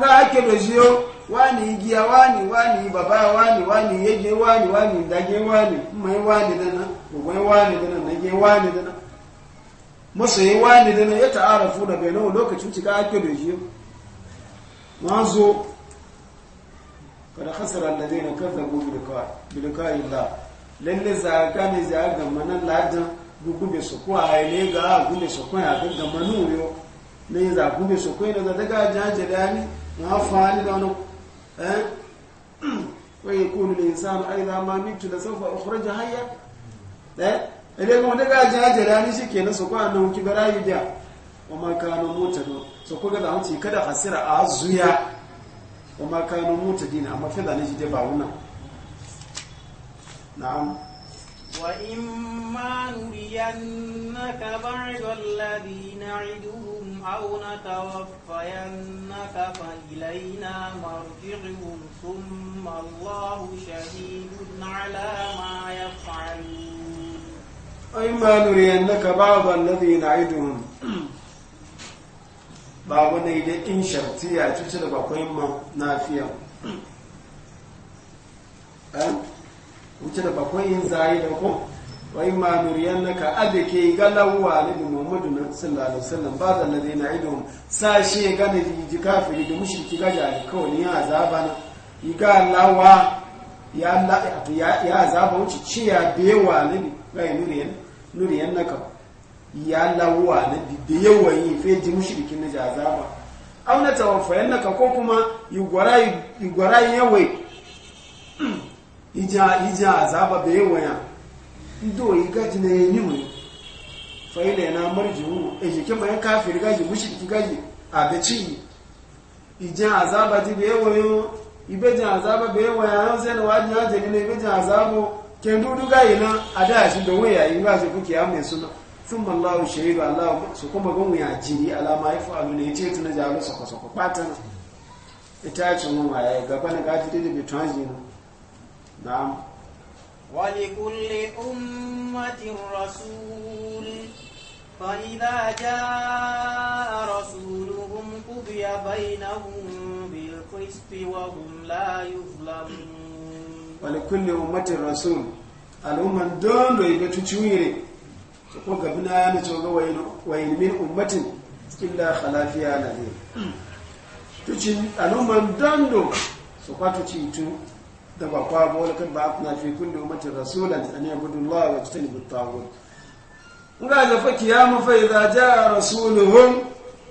wani igiya wani baba wani wani wani wani wani mai wani dana gogon wani dana nage wani dana masoyi wani dana ya ta'arafu da bai lokacin cika ake da shiyo wazo kada khasara alladheena kadhabu bi liqa'i Allah lalle za ga ne za ga manan ladan gugu be su ko a ile ga gule su ko ya ga manu yo ne za gube su ko ne za daga jaje dani na fani da wani eh wa yakunu al-insanu aidha ma mitu la sawfa ukhraju hayya eh ile kuma daga jaje dani shikenan su ko annan ki barayu da wa ma mota mutado so ko ga da hanci kada hasira a zuya wa ma kanu dina amma fa da ne ji da ba wannan na'am wa imma nuriyannaka ba'd alladhina na'iduhum aw natawaffayannaka fa ilayna marji'uhum thumma Allahu shahidun 'ala ma yaf'alun ay ma nuriyannaka ba'd alladhina na'iduhum ba wani eh? da in sharti ya cuci da bakwai ma na fiya wuce da bakwai yin zai da ku wai ma nuriyan na ka abe ke galawa ne da muhammadu na sallallahu alaihi ba da ladai na idon sa shi gane ji kafiri da mushriki gaja jari kawai ya azaba na ga lawa ya ya azaba wuce ciya bewa alibi ga yi nuriyan na ka ya lawuwa na da yawan yi fe ji mushrikin na jazaba aw na tawaffayan naka ko kuma igwara gwara yawai ija azaba da yawaya ndo yi gaji na yi niwe fa'ila yana marji hu e jike mai kafin gaji mushriki gaji a ga ci ija azaba ji da yawayo ibejin azaba da yawaya sai da wajen ajali na ibejin azabo kendudu gayi na a da shi da waya yi ba shi kuke ya mai suna sun mallawun shahidu Allah su kuma gungun ya jini alama ya fa'alu ne ce tuna jaru sako sako patan ita ce mun yi gaba na gaji da bi tuwaji na amu wa kulle kulli ummatin rasul fa idza jaa ya bayina hun bil kristi wa hun layu yuzlamun wa kulle kulli ummatin rasul al'umman don da ibe tuciwire su ko gabi na ya mace ga wayin min ummatin illa khalafiya na ne tuci al'umman dando su kwa tuci tu da ba kwa ba wani kan ba kuna fi kun da ummatin a an yi budun lawa wa tutani buttawun in ga zafa kiyama fa idza jaa a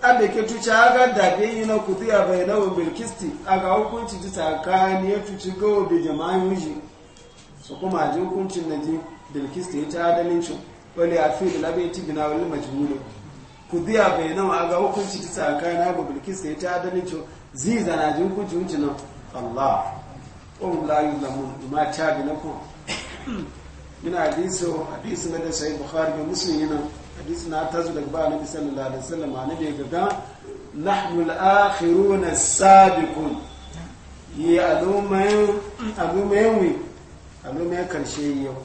abe ke tuci a ga dabe yi na kudiya bai na bil kisti ga hukunci ji tsakani ya tuci gawo bai jama'in miji su kuma ji hukuncin na ji bil ya ta adalincin wani a fi da labin tigina wani majmulu ku biya bai nan a ga hukunci ta tsakai tsakana ga bilkis ya ta adalci zai zana jin ku jinci nan Allah layu la yuzlamun ma ta bi na kun yana hadisi hadisi na da sai bukhari da muslim yana hadisi na ta zuwa ba nabi sallallahu alaihi na bai ga ga nahnu al-akhiruna as yi alumayen alumayin wi alumayen karshe yau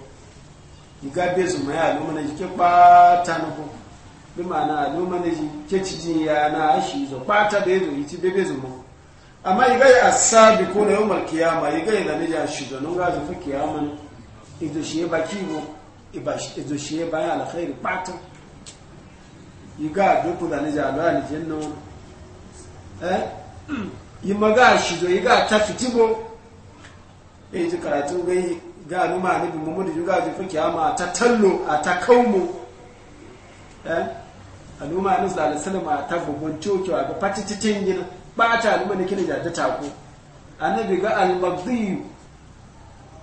iga bezu mai alumana ji ke kwata na ko bi ma'ana alumana ji ke cijin ya na ashi zo kwata da yazo ici be bezu mu amma iga ya asabi ko na yawmal kiyama iga ya zane ja shi zo nunga zo kiyama ne ido shi ba kiwo ido shi ba ya alkhairi kwata iga doko da ne ja da ni jenna eh yi maga shi zo iga ta fitibo Eji karatu gai ga ni ma ni bu mu ni ga ji fuki ama ta tallo a ta kaumu eh aluma ni sallallahu alaihi wasallam ta bubun coco a ga patititin gina ba ta aluma ne kina jada ta ko annabi ga al-mabdi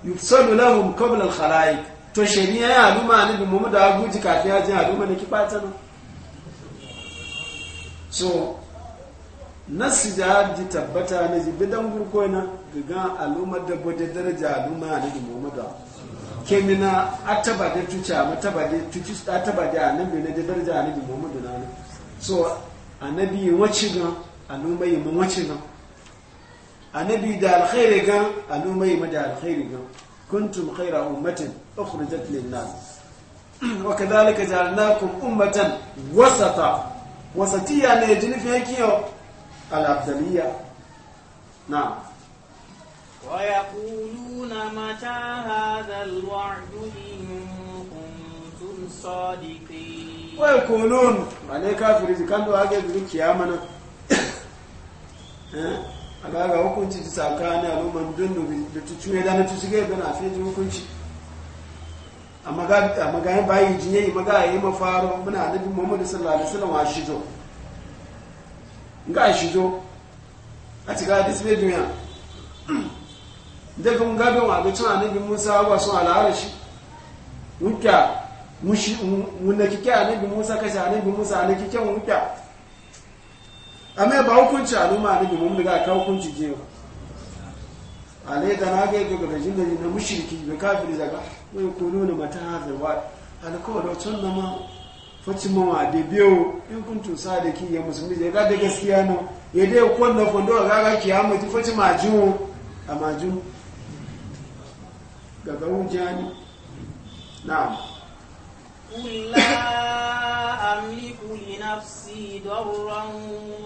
yufsalu lahum qabla al-khalaiq to shariya ya aluma annabi mu da guji kafi ya ji aluma ne ki bata no so nasi da ji tabbata ne ji bidan gurkoina ga aluma da bude daraja aluma ne da Muhammadu kemina ataba da tuca mataba da tuci ataba da annabi ne da daraja ne da Muhammadu na ne so annabi wace ga aluma yi mun wace ga annabi da alkhairi ga aluma yi da alkhairi ga kuntum khaira ummatin ukhrijat lin-nas wa kadhalika ja'alnakum ummatan wasata wasatiya ne jini fi hakiyo al-afdaliyya na'am ويقولون متى هذا الوعد إن كنتم صادقين ويقولون عليك كافر كان دو هاجي بين قيامنا agaga hukunci ta tsakanin al'umman dundu da tucuye da na tuci gaibe na fiye hukunci a magayin bayi jiye maga yi mafaro muna nabi muhammadu sallallahu alaihi wasallam a shijo ga a cikin hadis mai duniya daga mun gabe wa gacin annabi musa ba sun al'ada shi wuta wunda kike annabi musa kashe annabi musa ne kike wuta mai ba hukunci al'umma annabi mun daga ka hukunci je alai da na ga yake ga jin da na mushirki da kafiri daga wai da mata hada wa alkawar tun na ma facin mawa da biyo in kun tusa da ki ya musulmi ya gada gaskiya na ya dai kwanna fondo a gaga kiyama ti facin majiwo a majiwo gaga wujani na'am قل لا أملك لنفسي ضرا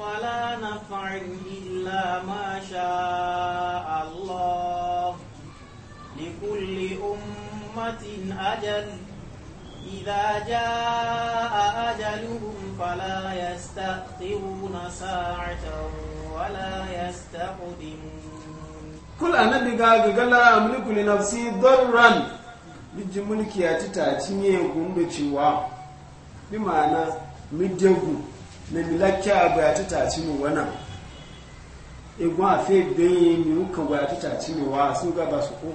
ولا نفعا إلا ما شاء الله لكل أمة أجل إذا جاء أجلهم فلا يستأخرون ساعة ولا يستقدمون kul annabi ga gagala amliku li nafsi darran miji mulki ya ti taci ne gumbe cewa bi ma'ana midegu na milakya ba ya ti taci mu wana egun afe gbeyin mi ukan ba ya ti taci mu wa sun ga ba su ko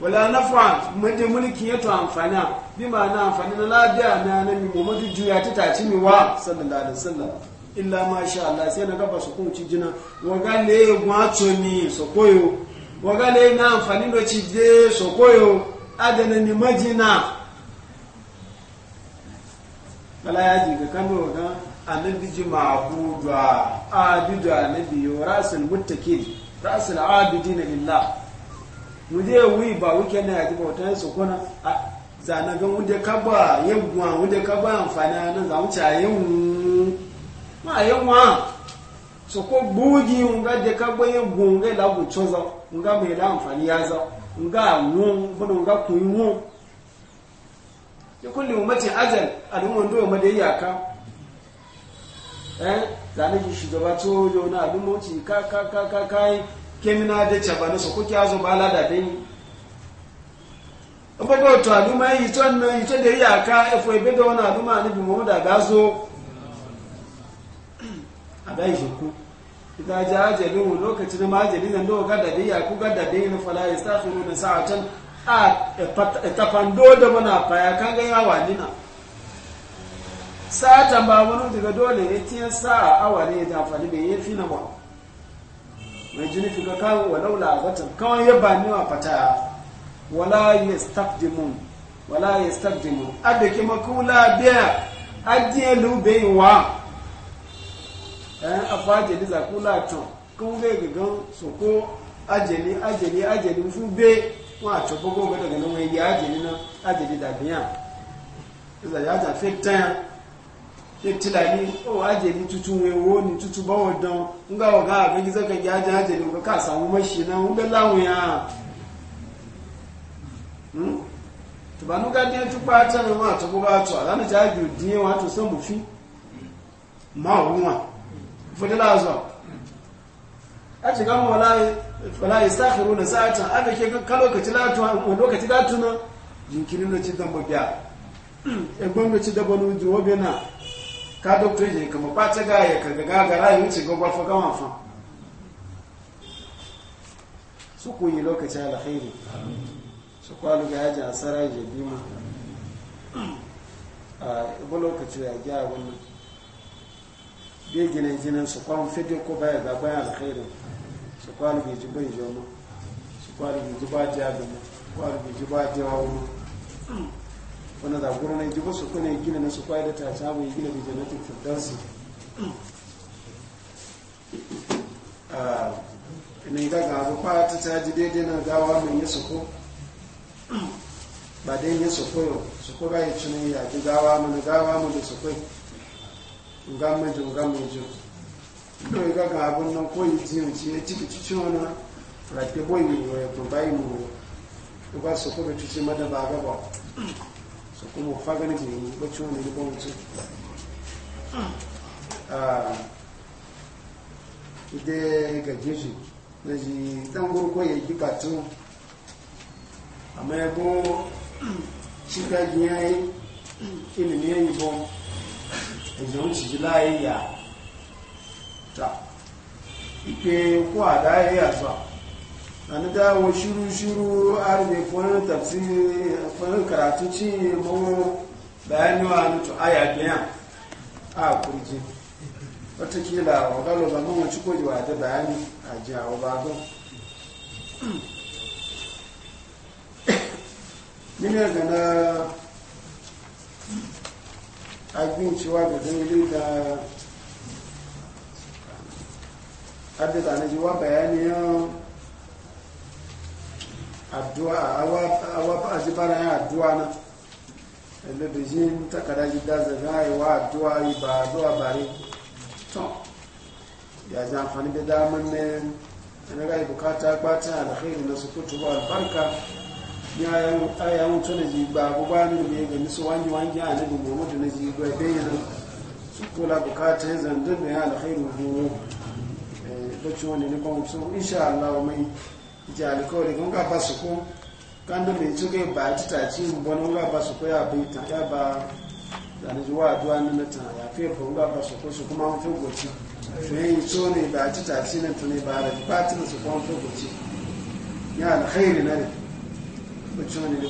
wala fa miji mulki ya to amfani bi ma'ana amfani na labiya na na mi muhammadu ya ti taci mu wa sallallahu alaihi wasallam illa ma sha Allah sai na ga ba su kun ci jina wa ga ne egun ato ni so koyo wagale na amfani da ci je so adana ni majina Kala ya ji ga kano na annabi ji ma'buda abidu annabi yo rasul muttaqin rasul abidin lillah muje wi ba wuke na ya ji bautan so kona zana ga wunde kaba yewwa wunde kaba amfani na za mu ca yewwa ma yewwa so soko buji unga de kaba ya unga la bu chozo nga mai amfani ya zo nga nun budu nga kuyi mu ya kulli ummati ajal al'umman do ma da iyaka eh zane ji shugaba to na al'ummoci ka ka ka ka kai kemina da chabana so kuke azo bala da dai ọgbọgbọ otu alụma ito yi ito da ihe aka efu ebe dị ọ na anyị bụ a ga idza jaa ajaluhu lokacin ma ajali zan do ga dabi ya ku ga dabi ne fala yastakhiruna sa'atan a tafando da mana faya kan ga yawa nina sa'atan ba wani daga dole ne tiyan sa'a awa ne da ya fi na fina ba mai jini fi ka kawo wa laula zatan kawai ya ba ni wa fata wala yastaqdimun wala yastaqdimun adake makula biya adiye lu bai wa ɗan eh, afajali zakula tun kan zai gagan su ko ajali ajali ajali fún bẹ́ wọn àtọ́gbọ́ gbogbo daga náà wọ́n yí na náà ajali dàbíyàn ìzàyájà fẹ́ tán fẹ́ tílà ní ó ajali tuntun wọn wo ni tuntun bá wọn dán ń gbà wọn káà fẹ́ gíṣẹ́ kan yí ajali wọn káà sàwọn mọ́ṣe náà ń láwọn yàn tùbánúgá pa wọn wọn máa fulila zuwa a shiga wala istakhiru na sa'atan aka ke ka lokaci latuwa lokaci latuna jinkirin na ci damba biya egbon na ci damba nuju wabe na ka doktor je kama kwace gaya ka ga gagara yi wuce gaba fa gama fa su ku yi lokaci alkhairi su kwalu ga yaji asara ya bi mu a ibo lokaci ya gya wannan bai gina jinin su kwan fide ko baya ga bayan alkhairin su kwan bai ji bai jomu su kwan bai ji ba ja da mu kwan bai ji ba ja wa mu wani da gurin ne jibo su kone gina na su kwai da ta ta mai gina bai jannatu firdausi ne ga ga abu kwa ta ta ji daidai na gawa mai yi suko ba dai yi nga mejo nga mejo ndo e ga ga abun nan ko yi jin ci e ciki cici ona ke boy mi wo to bai mu to e ba so ko ba ga ba so ko mo faga ne ni ba ci ni ba mu ci ah ide ga jeji na ji dan ko yi ki batu ya yi ilimi ẹ̀jẹ̀ ń ṣìṣẹ́ láyé yà ta ike kó àdáyé yàtọ̀ anida wo shiru shiru arbe fọ́nà tàbí fọ́nà karatu ci mọ́wọ́ bayani wa nutu aya biya a kurji watakila wa galo ba mun ci koji wa da bayani a jawo ba don agbincewa ga dangane da adada na jiwa bayaniyan addu'a awa a ji barayan addu'a na da da jin takada ji da zaga yi wa addu'a yi ba addu'a bare to ya ji amfani da damar ne na yi bukata gbata alkhairu na su kutu albarka ya wuce na jigba gbogbo ya nuna mai gani su wangi wangi a nabi muhammadu na jigba ya bayyana su kula bukata ya zandun da ya alkhairu horo bacci wani ne ban so insha Allah mai ji alkawari kun ga ba su ko kan da mai tuga ba ta taci mun bon ga ba su ko ya bai ta ya ba da ne zuwa duwa nan na ta ya fe ko ga ba su ko su kuma mun fi goci to yayin so ne ba ta taci nan tuni ba ba da fatin su kuma mun fi goci ya alkhairi na ne baccione di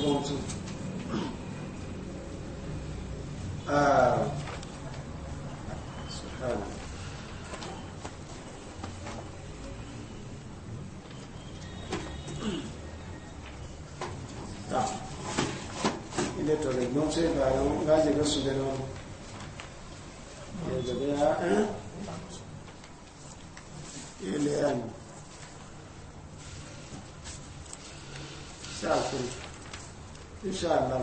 da ah non ah. Şafir. Er İnşallah.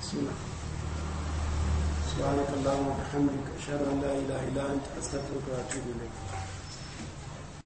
Bismillah. Subhanakallahu ve hamdik. Şerhan la ilahe ila ent. Estağfurullah. Tübü ileyk.